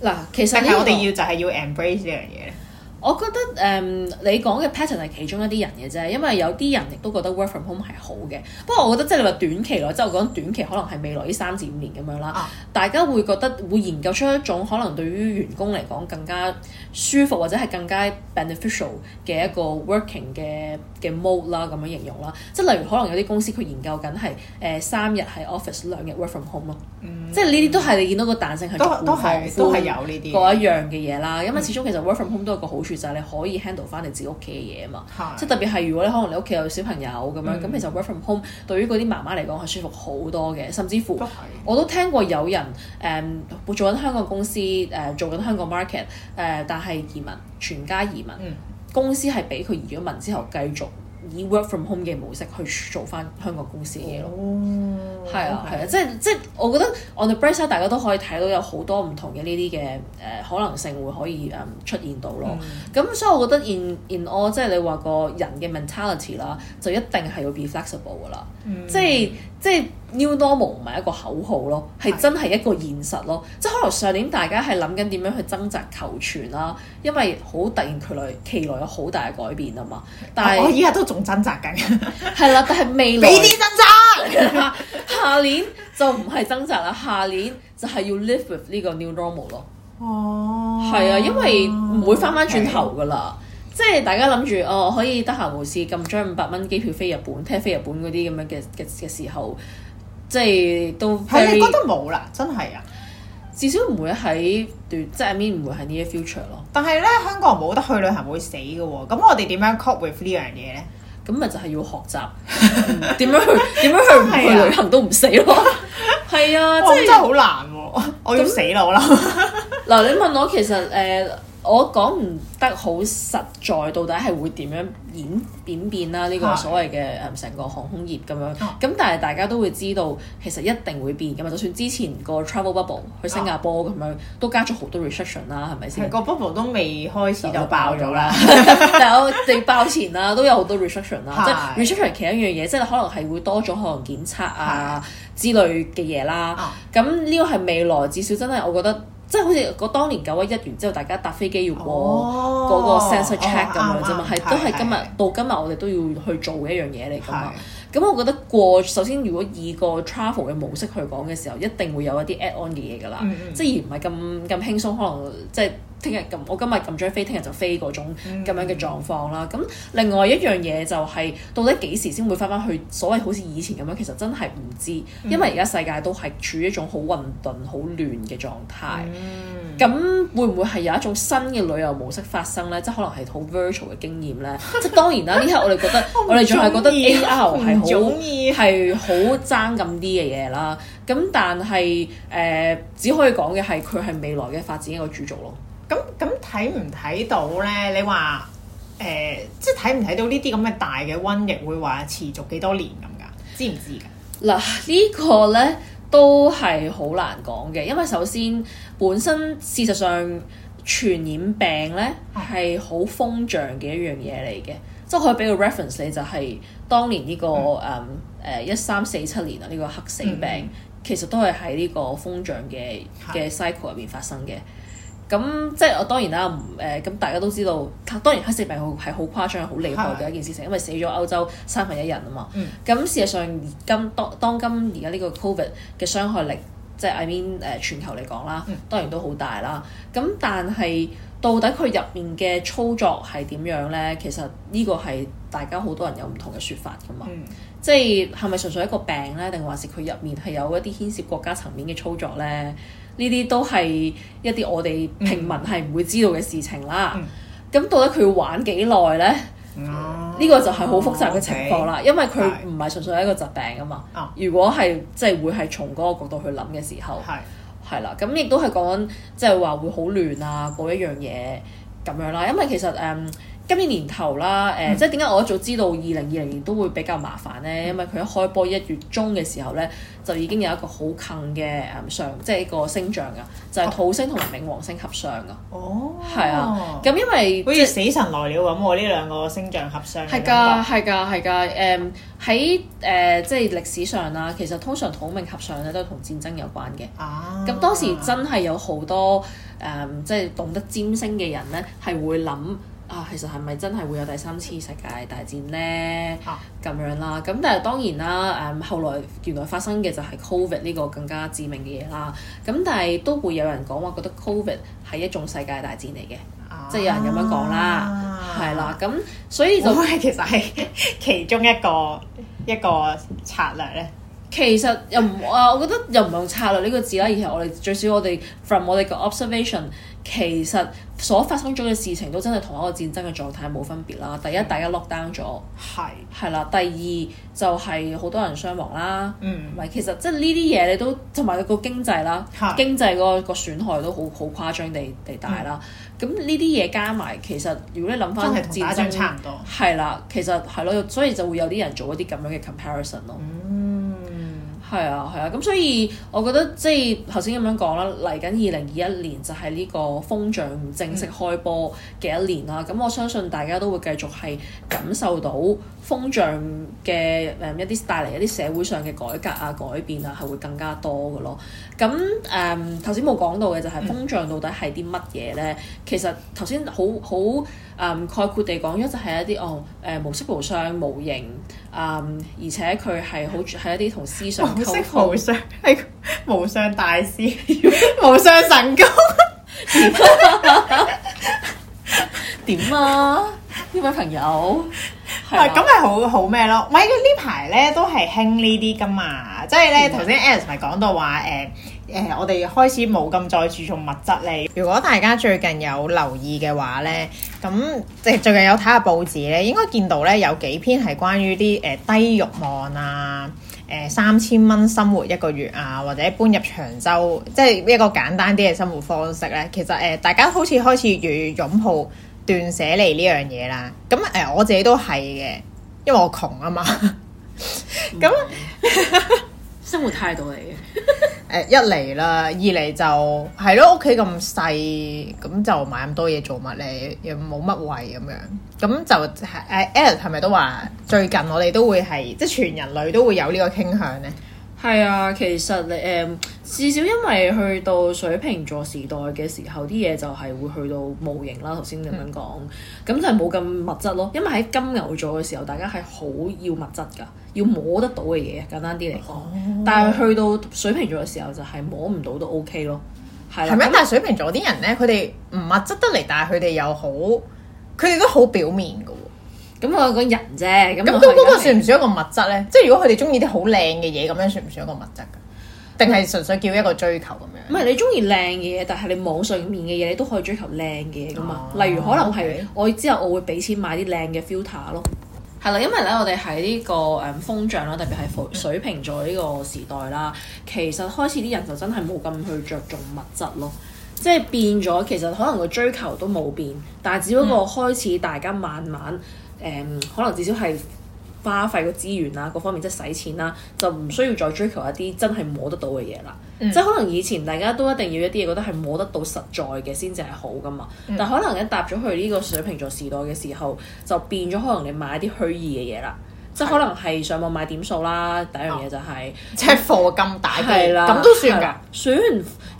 嗱，其實我哋要就係要 embrace 呢樣嘢。我覺得誒、嗯，你講嘅 pattern 係其中一啲人嘅啫，因為有啲人亦都覺得 work from home 係好嘅。不過我覺得即係你話短期內，即係我講短期可能係未來呢三至五年咁樣啦，啊、大家會覺得會研究出一種可能對於員工嚟講更加舒服或者係更加 beneficial 嘅一個 working 嘅嘅 mode 啦，咁樣形容啦。即係例如可能有啲公司佢研究緊係誒三日喺 office，兩日 work from home 咯、嗯。即係呢啲都係你見到個彈性係都都係都係有呢啲嗰一樣嘅嘢啦。因為始終其實 work from home 都係個好處。就係你可以 handle 翻你自己屋企嘅嘢嘛，是即係特別係如果你可能你屋企有小朋友咁樣，咁、嗯、其實 work from home 對於嗰啲媽媽嚟講係舒服好多嘅，甚至乎都是我都聽過有人誒、嗯、做緊香港公司誒、呃、做緊香港 market 誒、呃，但係移民全家移民、嗯、公司係俾佢移咗民之後繼續。以 work from home 嘅模式去做翻香港公司嘅嘢咯，係啊係啊，即係即係我覺得 on the bright side 大家都可以睇到有好多唔同嘅呢啲嘅誒可能性會可以誒、嗯、出現到咯，咁、mm. 嗯、所以我覺得 in in all 即係你話個人嘅 mentality 啦，就一定係要 be flexible 噶啦、mm.，即係即係。New normal 唔係一個口號咯，係真係一個現實咯。的即係可能上年大家係諗緊點樣去掙扎求存啦、啊，因為好突然，佢來期來有好大嘅改變啊嘛。但係我依家都仲掙扎緊，係 [laughs] 啦。 [laughs] 但係未來俾啲掙扎， [laughs] [laughs] 下掙扎，下年就唔係掙扎啦。下年就係要 live with 呢個 new normal 咯。哦，係啊，因為唔會翻翻轉頭噶啦。哦 okay. 即係大家諗住哦，可以得閒無事咁撳張五百蚊機票飛日本，聽飛日本嗰啲咁樣嘅嘅嘅時候。即係都，係你覺得冇啦，真係啊！至少唔會喺段，即係 mean 唔會喺呢啲 future 咯。但係咧，香港冇得去旅行會死嘅喎。咁我哋點樣 cope with 呢樣嘢咧？咁咪就係要學習點、 [laughs] 嗯、樣去點樣去唔去旅行都唔死咯。係 [laughs] 啊，哇真係好難喎、啊！ [laughs] 我要死啦！我諗嗱那， [laughs] [laughs] 你問我其實誒。呃我講唔得好實在，到底係會點樣演變變啦？呢個所謂嘅誒成個航空業咁樣，咁的但係大家都會知道，其實一定會變噶嘛。哦、就算之前個 travel bubble 去新加坡咁樣，都加咗好多 restriction 啦，係咪先？個 bubble 都未開始就爆咗啦，爆了 [laughs] 但我哋爆前啦，都有好多 restriction 啦。即係 restriction 其一樣嘢，即、就、係、是、可能係會多咗可能檢測啊的之類嘅嘢啦。咁呢、嗯、個係未來，至少真係我覺得。即係好似嗰當年九一一完之後，大家搭飛機要過嗰個 sensor check 咁、哦、樣啫嘛，係、哦哦、都係今日對到今日我哋都要去做嘅一樣嘢嚟噶嘛。咁對我覺得過首先如果以個 travel 嘅模式去講嘅時候，一定會有一啲 add on 嘅嘢㗎啦，嗯嗯即係而唔係咁咁輕鬆，可能即、就、係、是。聽日撳，我今日撳咗飛，聽日就飛嗰種咁樣嘅狀況啦。咁、嗯、另外一樣嘢就係、是、到底幾時先會翻翻去所謂好似以前咁樣，其實真係唔知，因為而家世界都係處於一種好混沌、好亂嘅狀態。咁、嗯、會唔會係有一種新嘅旅遊模式發生呢？即係可能係好 virtual 嘅經驗呢？ [laughs] 即係當然啦，呢刻我哋覺得 [laughs] 我哋仲係覺得 AR 係好係好爭咁啲嘅嘢啦。咁但係誒、呃，只可以講嘅係佢係未來嘅發展一個主軸咯。咁咁睇唔睇到咧？你話誒、呃，即係睇唔睇到呢啲咁嘅大嘅瘟疫會話持續幾多年咁㗎？知唔知？嗱，呢個咧都係好難講嘅，因為首先本身事實上傳染病咧係好風漲嘅一樣嘢嚟嘅，即係可以俾個 reference 你就係當年呢、這個誒一三四七年啊呢、這個黑死病，嗯、其實都係喺呢個風漲嘅嘅 cycle 入面發生嘅。嗯咁即係我當然啦，誒、呃、咁大家都知道，當然黑色病號係好誇張、好厲害嘅一件事情，因為死咗歐洲三分一人啊嘛。咁、嗯、事實上，今當當今而家呢個 COVID 嘅傷害力，即係 I mean 誒、呃、全球嚟講啦，當然都好大啦。咁、嗯、但係到底佢入面嘅操作係點樣咧？其實呢個係大家好多人有唔同嘅説法㗎嘛。嗯、即係係咪純粹一個病咧，定還是佢入面係有一啲牽涉國家層面嘅操作咧？呢啲都係一啲我哋平民係唔會知道嘅事情啦。咁、嗯、到底佢玩幾耐呢？呢、嗯、個就係好複雜嘅情況啦，嗯、因為佢唔係純粹係一個疾病啊嘛。嗯、如果係即係會係從嗰個角度去諗嘅時候，係係、嗯、係啦。咁亦都係講即係話會好亂啊嗰一樣嘢咁樣啦。因為其實誒。Um, 今年年頭啦，誒、呃，即係點解我一早知道二零二零年都會比較麻煩咧？因為佢一開波一月中嘅時候咧，就已經有一個好近嘅暗相，即係個星象㗎，就係、是、土星同埋冥王星合相㗎。哦，係啊，咁因為好似死神來了咁我呢兩個星象合相係㗎，係㗎，係㗎。誒，喺、um, 誒、呃，即係歷史上啦，其實通常土冥合相咧都係同戰爭有關嘅。啊，咁當時真係有好多誒、呃，即係懂得占星嘅人咧，係會諗。啊，其實係咪真係會有第三次世界大戰呢？咁、啊、樣啦，咁但係當然啦，誒後來原來發生嘅就係 COVID 呢個更加致命嘅嘢啦。咁但係都會有人講話覺得 COVID 係一種世界大戰嚟嘅，啊、即係有人咁樣講啦，係、啊、啦。咁所以就其實係其中一個 [laughs] 一個策略咧。其實又唔啊， [laughs] 我覺得又唔用策略呢個字啦。而係我哋最少我哋 from 我哋個 observation。其實所發生咗嘅事情都真係同一個戰爭嘅狀態冇分別啦。第一，嗯、大家 lock down 咗，係係是啦。第二就係、是、好多人傷亡啦，唔係、嗯、其實即係呢啲嘢你都同埋個經濟啦，是經濟個個損害都好好誇張地地大啦。咁呢啲嘢加埋，其實如果你諗翻、嗯、真係同打仗差唔多，係啦，其實係咯，所以就會有啲人做一啲咁樣嘅 comparison 咯、嗯。係啊，係啊，咁所以我覺得即係頭先咁樣講啦，嚟緊二零二一年就係呢個風象正式開波嘅一年啦。咁、嗯、我相信大家都會繼續係感受到風象嘅誒一啲帶嚟一啲社會上嘅改革啊、改變啊，係會更加多嘅咯。咁誒頭先冇講到嘅就係風象到底係啲乜嘢呢？嗯、其實頭先好好。嗯，概括地講，咗就係一啲哦，誒無色無相無形，嗯，而且佢係好係一啲同思想溝通，無相係無相大師，無相神功，點 [laughs] 啊？呢、 [laughs] 啊、位朋友，係咁係好好咩咯？喂呢排咧都係興呢啲噶嘛，即係咧頭先 a l l i s 咪講到話誒。呃誒、呃，我哋開始冇咁再注重物質嚟。如果大家最近有留意嘅話呢，咁即係最近有睇下報紙呢，應該見到呢有幾篇係關於啲誒、呃、低慾望啊、誒、呃、三千蚊生活一個月啊，或者搬入長洲，即係一個簡單啲嘅生活方式呢，其實誒、呃，大家好似開始越嚟越擁抱斷捨離呢樣嘢啦。咁誒、呃，我自己都係嘅，因為我窮啊嘛。咁 [laughs] 那。嗯 [laughs] 生活態度嚟嘅，誒、 [laughs] uh, 一嚟啦，二嚟就係咯，屋企咁細，咁就買咁多嘢做乜咧？又冇乜位咁樣，咁就係誒。Ellen 係咪都話最近我哋都會係即係全人類都會有呢個傾向咧？係 [music] 啊，其實誒、嗯、至少因為去到水瓶座時代嘅時候，啲嘢就係會去到模型啦。頭先咁樣講，咁、嗯、就係冇咁物質咯。因為喺金牛座嘅時候，大家係好要物質㗎。要摸得到嘅嘢，簡單啲嚟講，Oh. 但係去到水瓶座嘅時候就係摸唔到都 OK 咯，係嗎。係咪？但係水瓶座啲人咧，佢哋唔物質得嚟，但係佢哋又好，佢哋都好表面嘅喎。咁我講人啫，咁都嗰個算唔算一個物質咧？即係嗎如果佢哋中意啲好靚嘅嘢，咁樣算唔算一個物質？定係純粹叫一個追求咁樣？唔係你中意靚嘅嘢，但係你網上面嘅嘢你都可以追求靚嘅嘢㗎嘛？Oh. 例如可能係我之後我會俾錢買啲靚嘅 filter 咯。係啦，因為咧，我哋喺呢個誒風象啦，特別係水水瓶座呢個時代啦，其實開始啲人就真係冇咁去着重物質咯，即係變咗。其實可能個追求都冇變，但係只不過開始大家慢慢誒、嗯嗯，可能至少係。花費個資源啊，各方面即係使錢啦，就唔需要再追求一啲真係摸得到嘅嘢啦。嗯、即係可能以前大家都一定要一啲嘢覺得係摸得到實在嘅先至係好噶嘛。嗯、但可能一踏咗去呢個水瓶座時代嘅時候，就變咗可能你買一啲虛擬嘅嘢啦。的即係可能係上網買點數啦，第一樣嘢就係即係貨咁大嘅，咁都算㗎。算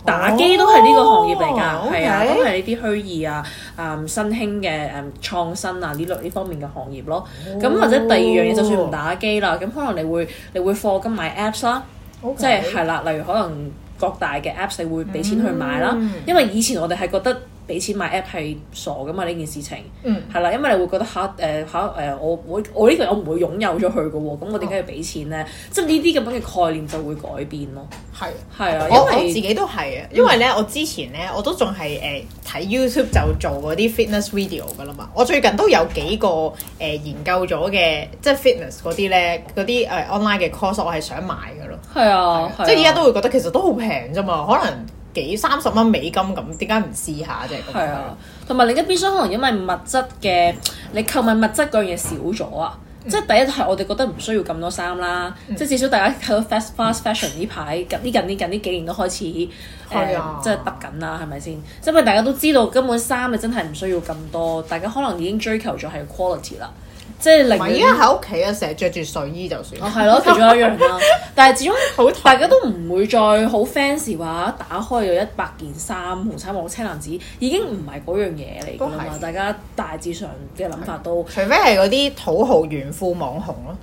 打機都係呢個行業嚟㗎，係啊、哦，咁係呢啲虛擬啊。誒、嗯、新興嘅誒、嗯、創新啊呢類呢方面嘅行業咯，咁、oh. 或者第二樣嘢就算唔打機啦，咁可能你會你會課金買 apps 啦，Okay. 即係係啦，例如可能各大嘅 apps 你會俾錢去買啦，mm. 因為以前我哋係覺得。俾錢買 app 係傻㗎嘛呢件事情，係啦，因為你會覺得下誒下誒，我我我呢個我唔會擁有咗佢嘅喎，咁我點解要俾錢咧？即係呢啲咁樣嘅概念就會改變咯。係係是啊，我我自己都係啊，因為咧我，我，我之前咧我都仲係誒、呃、睇 YouTube 就做嗰啲 fitness video 㗎啦嘛。我最近都有幾個誒、呃、研究咗嘅即係 fitness 嗰啲咧嗰啲誒 online 嘅 course 我係想買㗎咯。係啊，即係依家都會覺得其實都好平啫嘛，可能。幾三十蚊美金咁，點解唔試下啫？係啊，同埋另一邊箱可能因為物質嘅你購物物質嗰樣嘢少咗啊，嗯、即係第一係我哋覺得唔需要咁多衫啦，嗯、即係至少大家睇到 fast, fast fashion 呢排近呢、嗯、近呢近呢幾年都開始、呃啊、即係得緊啦，係咪先？因為大家都知道根本衫啊真係唔需要咁多，大家可能已經追求咗係 quality 啦。即係零，而家喺屋企啊，成日着住睡衣就算。哦，係咯，其中一樣啦。但係始終好大家都唔會再好 fancy，話打開咗一百件衫，紅衫網青藍子已經唔係嗰樣嘢嚟㗎啦嘛，是大家大致上嘅諗法都。除非係嗰啲土豪炫富網紅咯。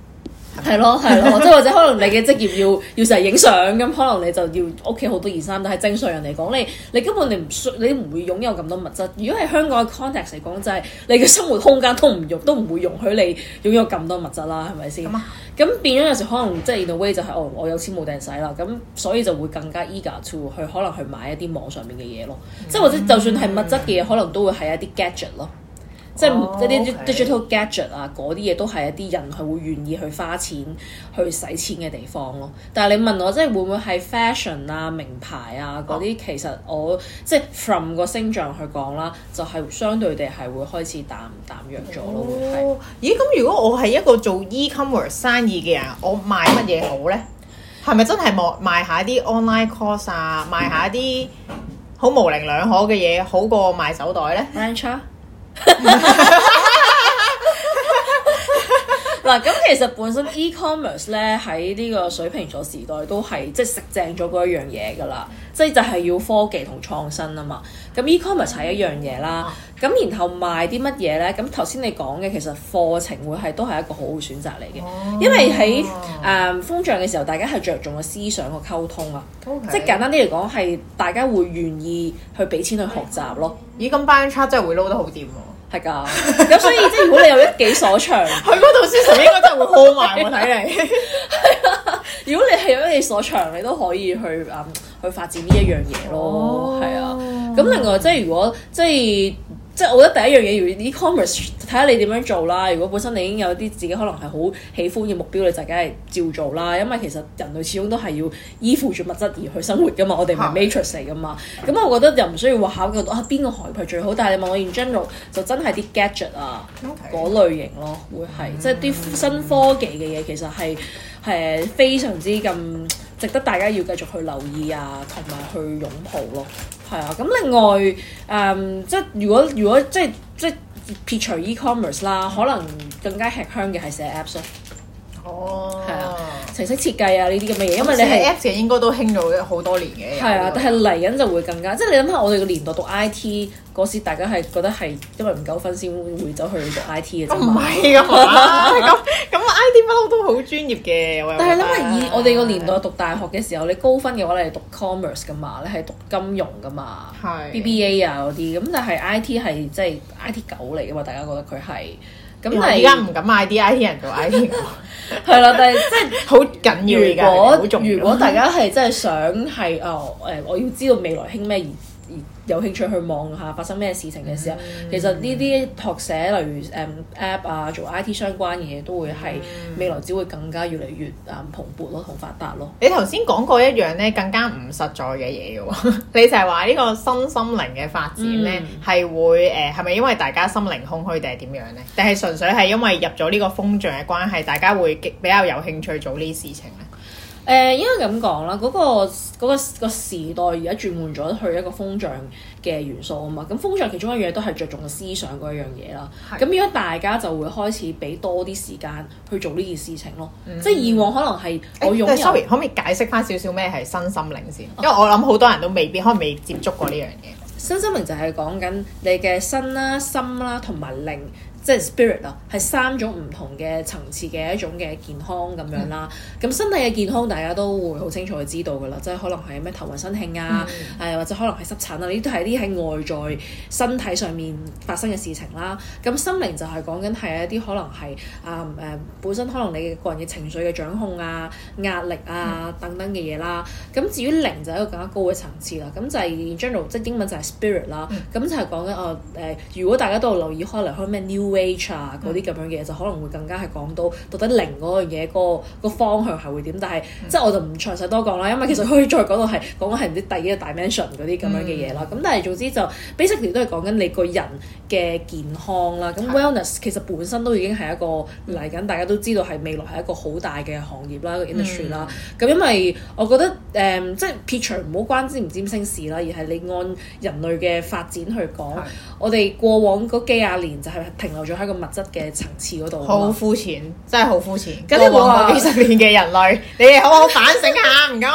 係咯，係咯， [laughs] 即係或者可能你嘅職業要要成日影相咁，可能你就要屋企好多二三。但係正常人嚟講，你你根本你唔需，你唔會擁有咁多物質。如果係香港嘅 context 嚟講，就係、是、你嘅生活空間都唔容，都唔會容許你擁有咁多物質啦，係咪先？咁啊，變咗有時可能即係呢個 way 就係、是、哦，我有錢冇埞使啦，咁所以就會更加 eager to 去可能去買一啲網上面嘅嘢咯，即係、mm hmm. 或者就算係物質嘅嘢，可能都會係一啲 gadget 咯。即係嗰啲 digital gadget 啊，嗰啲嘢都係一啲人係會願意去花錢去使錢嘅地方咯。但係你問我，即係會唔會係 fashion 啊、名牌啊嗰啲？其實我即係 from 個星象去講啦，就係、是、相對地係會開始淡淡弱咗。哦、oh, 欸，咦？咁如果我係一個做 e-commerce 生意嘅人，我賣乜嘢好咧？係咪真係賣賣下啲 online course 啊，賣一下啲好模棱兩可嘅嘢，好過賣手袋咧？哈哈哈！哈。嗱，咁其實本身 e-commerce 咧喺呢個水瓶座時代都係即係食正咗嗰一樣嘢㗎啦，即係就係要科技同創新啊嘛。咁 e-commerce 係一樣嘢啦，咁、啊、然後賣啲乜嘢咧？咁頭先你講嘅其實課程會係都係一個好嘅選擇嚟嘅，哦、因為喺誒風象嘅時候，大家係着重個思想個溝通啊，Okay. 即係簡單啲嚟講係大家會願意去俾錢去學習咯。嗯、咦，咁 buyer 真係會撈得好掂、啊、喎！係噶，咁 [laughs] 所以即係如果你有一技所長，去喎，嗰度先應該真係會鋪埋喎睇你。係啊 [laughs] 的， [laughs] 如果你係有一技所長，你都可以去啊去發展呢一樣嘢咯。係啊、哦，咁另外即係如果即係。即係我覺得第一樣嘢，如啲、e、commerce 睇下你點樣做啦。如果本身你已經有啲自己可能係好喜歡嘅目標，你就梗係照做啦。因為其實人類始終都係要依附住物質而去生活噶嘛，我哋唔係 Matrix 嚟噶嘛。咁、啊嗯、我覺得又唔需要話考究到啊邊個海係最好，但係你問我 in general 就真係啲 gadget 啊嗰 okay. 類型咯，會係、嗯、即係啲新科技嘅嘢，其實係誒非常之咁。值得大家要繼續去留意啊，同埋去擁抱咯，係啊。咁另外，誒、嗯，即係如果如果即係即係撇除 e-commerce 啦，可能更加吃香嘅係寫 Apps 咯。哦，係啊。程式設計啊呢啲咁嘅嘢，因為你係 Apps 應該都興咗好多年嘅。係啊，但係嚟緊就會更加，即係你諗下我哋個年代讀 IT 嗰時，大家係覺得係因為唔夠分先會走去讀 IT 嘅啫嘛，唔係㗎嘛，咁咁 [laughs] [laughs] IT 不嬲都好專業嘅。但係諗下以我哋個年代讀大學嘅時候，你高分嘅話你係讀 commerce 㗎嘛，你係讀金融㗎嘛是，BBA 係啊嗰啲，咁但係 IT 係即係 IT 狗嚟㗎嘛，大家覺得佢係。咁但係而家唔敢嗌啲 I T 人做 I T 股，係咯？但係即係好緊要。如果大家係真係想係 [laughs] 我要知道未來興咩業？有興趣去望下發生咩事情嘅時候，嗯、其實呢啲學寫，例如誒 app 啊，做 I T 相關嘅嘢，都會係未來只會更加越嚟越啊蓬勃咯，同發達咯。你頭先講過一樣咧，更加唔實在嘅嘢喎， [laughs] 你就係話呢個新心，心靈嘅發展咧，係、嗯、會誒，係、呃、咪因為大家心靈空虛定係點樣咧？定係純粹係因為入咗呢個風象嘅關係，大家會比較有興趣做呢啲事情？誒應該咁講啦，嗰、呃嗰個嗰、嗰個時代而家轉換咗去一個風象嘅元素啊嘛，咁風象其中一樣嘢都係着重思想嗰樣嘢啦。咁如果大家就會開始俾多啲時間去做呢件事情咯，嗯、哼即係以往可能係、欸、我用、這個、欸、sorry 可唔可以解釋返少少咩係身心靈先？哦、因為我諗好多人都未必可能未接觸過呢樣嘢。身心靈就係講緊你嘅身啦、心啦同埋靈。即係 spirit 啦，係三種唔同嘅層次嘅一種嘅健康咁樣啦。咁身體嘅健康大家都會好清楚知道㗎啦，即係可能係咩頭暈身㷫啊，誒、嗯、或者可能係濕疹啊，呢啲都係啲喺外在身體上面發生嘅事情啦。咁心靈就係講緊係一啲可能係啊誒本身可能你嘅個人嘅情緒嘅掌控啊、壓力啊等等嘅嘢啦。咁至於靈就係一個更加高嘅層次啦。咁就係 general 即係英文就係 spirit 啦。咁就係講緊誒誒如果大家都有留意開嚟開咩 new rate 啊啲咁樣嘅嘢就可能會更加係講到到底零樣嘢個個方向係會點，但係即係我就唔詳細多講啦，因為其實可以再講到係講緊係唔知第幾個 dimension 啲咁樣嘅嘢啦。咁但係總之就 basically 都係講緊你個人嘅健康啦。咁 wellness 其實本身都已經係一個嚟緊大家都知道係未來係一個好大嘅行業啦，個 industry 啦。咁因為我覺得誒即係撇除唔好關佔唔佔星事啦，而係你按人類嘅發展去講，我哋過往幾廿年就係停留。仲喺個物質嘅層次嗰度，好膚淺，真係好膚淺。跟住啲活咗幾十年嘅人類， [laughs] 你哋好好反省下，唔該。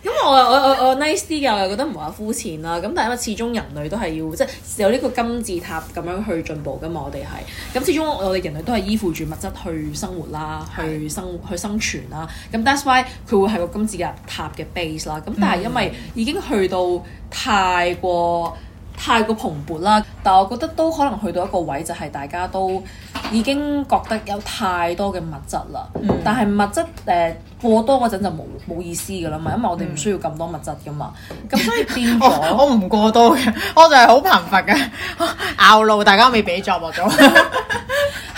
咁 [laughs] [laughs] 我我我我 nice 啲嘅，我又覺得唔話膚淺啦。咁但係因為，始終人類都係要即係有呢個金字塔咁樣去進步噶嘛。我哋係咁，始終我哋人類都係依附住物質去生活啦，去生的去生存啦。咁 that's why 佢會係個金字塔塔嘅 base 啦。咁但係因為已經去到太過。太過蓬勃啦，但係我覺得都可能去到一個位，就係大家都已經覺得有太多嘅物質啦。嗯、但係物質誒、呃、過多嗰陣就冇冇意思噶啦嘛，因為我哋唔需要咁多物質噶嘛。咁、嗯、所以變咗 [laughs] 裏，我唔過多嘅，我就係好貧乏嘅。咬路，大家未俾作咗。 [laughs] [laughs]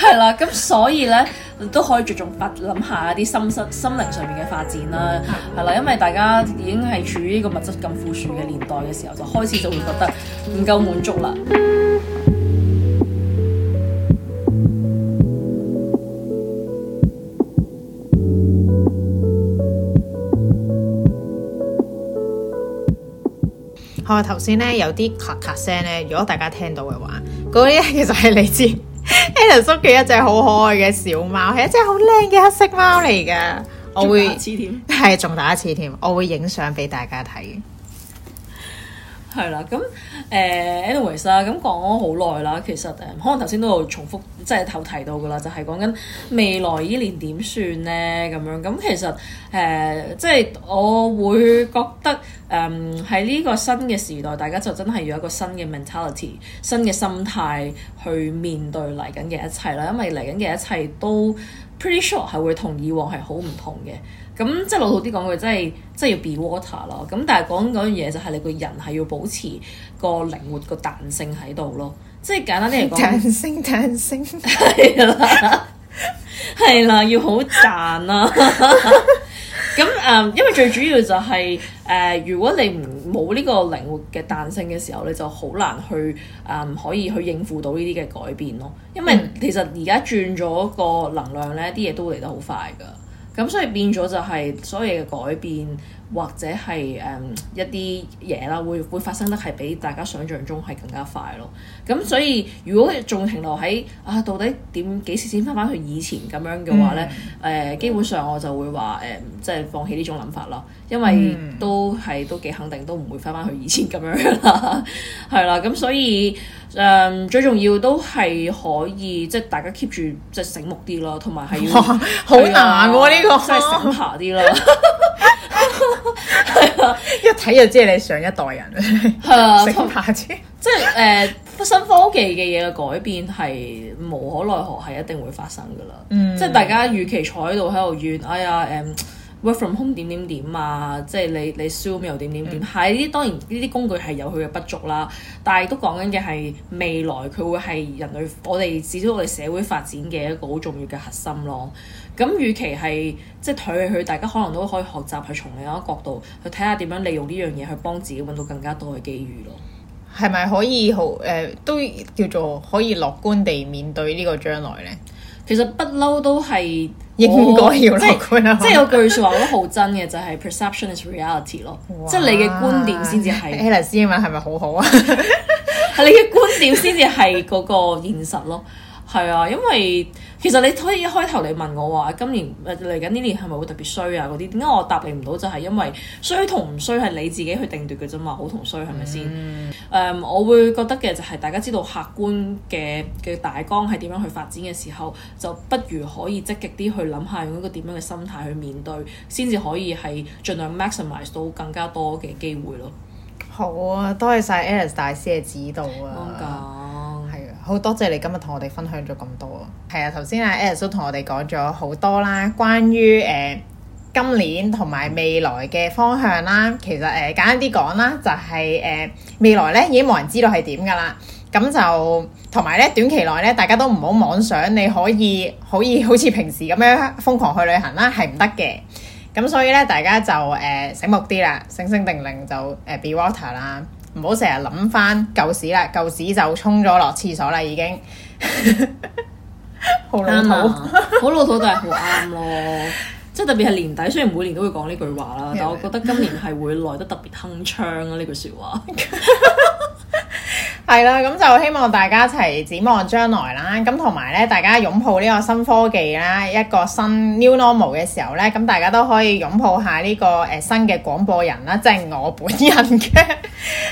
係啦，咁所以咧都可以着重發諗下啲心心靈上面嘅發展啦、啊。係啦，因為大家已經係處於呢個物質咁富庶嘅年代嘅時候，就開始就會覺得唔夠滿足啦。嚇！頭先咧有啲咔咔聲咧，如果大家聽到嘅話，嗰啲其實係雷子。Aaron 屋企一隻好可愛嘅小貓，係一隻好靚嘅黑色貓嚟㗎。我會係重打一次添，我會影相俾大家睇。係啦，咁誒，anyways 啦、啊，咁講咗好耐啦，其實誒、啊，可能頭先都有重複，即係頭提到噶啦，就係講緊未來依年點算咧咁樣。咁、啊、其實誒、啊，即係我會覺得誒，喺、嗯、呢個新嘅時代，大家就真係要一個新嘅 mentality、新嘅心態去面對嚟緊嘅一切啦，因為嚟緊嘅一切都 pretty sure 係會同以往係好唔同嘅。咁即係老土啲講句，真係即係要 be water 咯。咁但係講嗰樣嘢就係你個人係要保持個靈活個彈性喺度咯。即係簡單啲嚟講，彈性，彈性，係啦，係啦 [laughs] 了， [laughs] 要好彈啊。咁 [laughs] 誒、呃，因為最主要就係、是、誒、呃，如果你唔冇呢個靈活嘅彈性嘅時候，你就好難去唔、呃、可以去應付到呢啲嘅改變咯。因為其實而家轉咗個能量咧，啲嘢都嚟得好快㗎。咁所以變咗就係所有嘅改變。或者係誒、嗯、一啲嘢啦，會會發生得係比大家想像中係更加快咯。咁所以如果仲停留喺啊，到底點幾時先返返去以前咁樣嘅話咧？誒、嗯呃，基本上我就會話誒、嗯，即係放棄呢種諗法啦。因為都係、嗯、都幾肯定，都唔會返返去以前咁樣啦。係 [laughs] 啦，咁所以誒、嗯，最重要都係可以即係大家 keep 住即係醒目啲咯，同埋係要好難喎、啊、呢要、這個真係醒下啲啦。 [laughs] 係啊， [laughs] [laughs] 一睇就知係你上一代人。係 [laughs] 啊，同 [laughs] [laughs] 即係誒、呃，新科技嘅嘢嘅改變係無可奈何，係一定會發生噶啦。嗯，即係大家預期坐喺度喺度怨，哎呀，誒、呃、，work [laughs] from home 點點點啊，即係你你 Zoom 又點點點。係呢啲、嗯、當然呢啲工具係有佢嘅不足啦，但係都講緊嘅係未來佢會係人類我哋至少我哋社會發展嘅一個好重要嘅核心咯。咁，與其係即係睇佢，大家可能都可以學習去從另一個角度去睇下點樣利用呢樣嘢去幫自己揾到更加多嘅機遇咯。係咪可以好誒、呃，都叫做可以樂觀地面對呢個將來咧？其實不嬲都係應該要樂觀啊！我即係有句説話我 [laughs] 都好真嘅，就係、是、perception is reality 咯哇。即係你嘅觀點先至係。Alice 英文係咪好好啊？係 [laughs] [laughs] 你嘅觀點先至係嗰個現實咯。係啊，因為其實你可以一開頭你問我話今年嚟緊呢年係咪會特別衰啊，嗰啲，點解我答你唔到就係、是、因為衰同唔衰係你自己去定奪嘅啫嘛，好同衰係咪先？誒、嗯，是是 um，我會覺得嘅就係、是、大家知道客觀嘅嘅大綱係點樣去發展嘅時候，就不如可以積極啲去諗下用一個點樣嘅心態去面對，先至可以係盡量 maximize 到更加多嘅機會咯。好啊，多謝晒 Alice 大師嘅指導啊！嗯好多謝你今日同我哋分享咗咁多啊！係啊、嗯，頭先啊 e l i s o 同我哋講咗好多啦，關於誒、呃、今年同埋未來嘅方向啦。其實誒、呃、簡單啲講啦，就係、是、誒、呃、未來咧已經冇人知道係點噶啦。咁、嗯、就同埋咧短期內咧，大家都唔好妄想你可以可以好似平時咁樣瘋狂去旅行啦，係唔得嘅。咁、嗯、所以咧，大家就誒、呃、醒目啲啦，醒醒定定就誒、呃、be water 啦。唔好成日諗翻舊屎啦，舊屎就沖咗落廁所啦，已經。好 [laughs] [laughs] 老土，啊，好 [laughs] 老土都係好啱咯，啊、 [laughs] 即係特別係年底，雖然每年都會講呢句話啦，是是但我覺得今年係會嚟得特別鏗鏘啊！呢句説話。係啦，咁就希望大家一齊展望將來啦。咁同埋咧，大家擁抱呢個新科技啦，一個新 New Normal 嘅時候咧，咁大家都可以擁抱下呢、呢個誒、呃、新嘅廣播人啦，即係我本人嘅。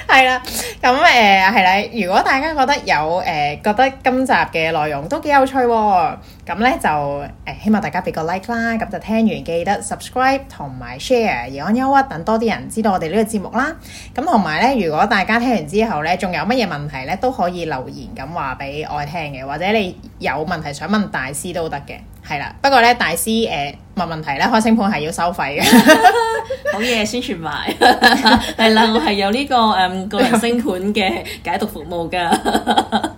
係 [laughs] 啦，咁誒係啦。如果大家覺得有誒、呃、覺得今集嘅內容都幾有趣喎、哦。咁咧就誒、哎，希望大家俾個 like 啦，咁就聽完記得 subscribe 同埋 share，夜安憂鬱等多啲人知道我哋呢個節目啦。咁同埋咧，如果大家聽完之後咧，仲有乜嘢問題咧，都可以留言咁話俾我聽嘅，或者你有問題想問大師都得嘅，係啦。不過咧，大師誒、呃、問問題咧，開星盤係要收費嘅， [laughs] [laughs] 好嘢宣傳埋。係 [laughs] 啦， [laughs] [laughs] 我係有呢、這個誒、嗯、個人星盤嘅解讀服務噶 [laughs]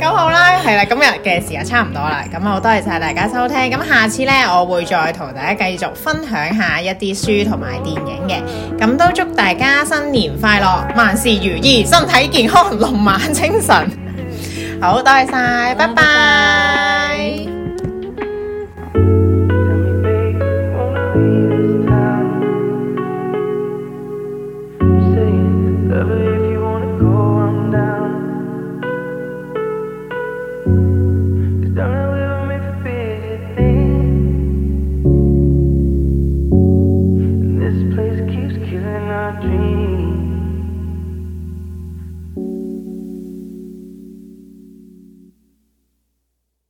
九號啦，係啦，今日嘅時間差唔多啦，咁啊，多謝晒大家收聽，咁下次呢，我會再同大家繼續分享一下一啲書同埋電影嘅，咁都祝大家新年快樂，萬事如意，身體健康，龍馬精神， [laughs] 好，多謝晒，拜拜。拜拜。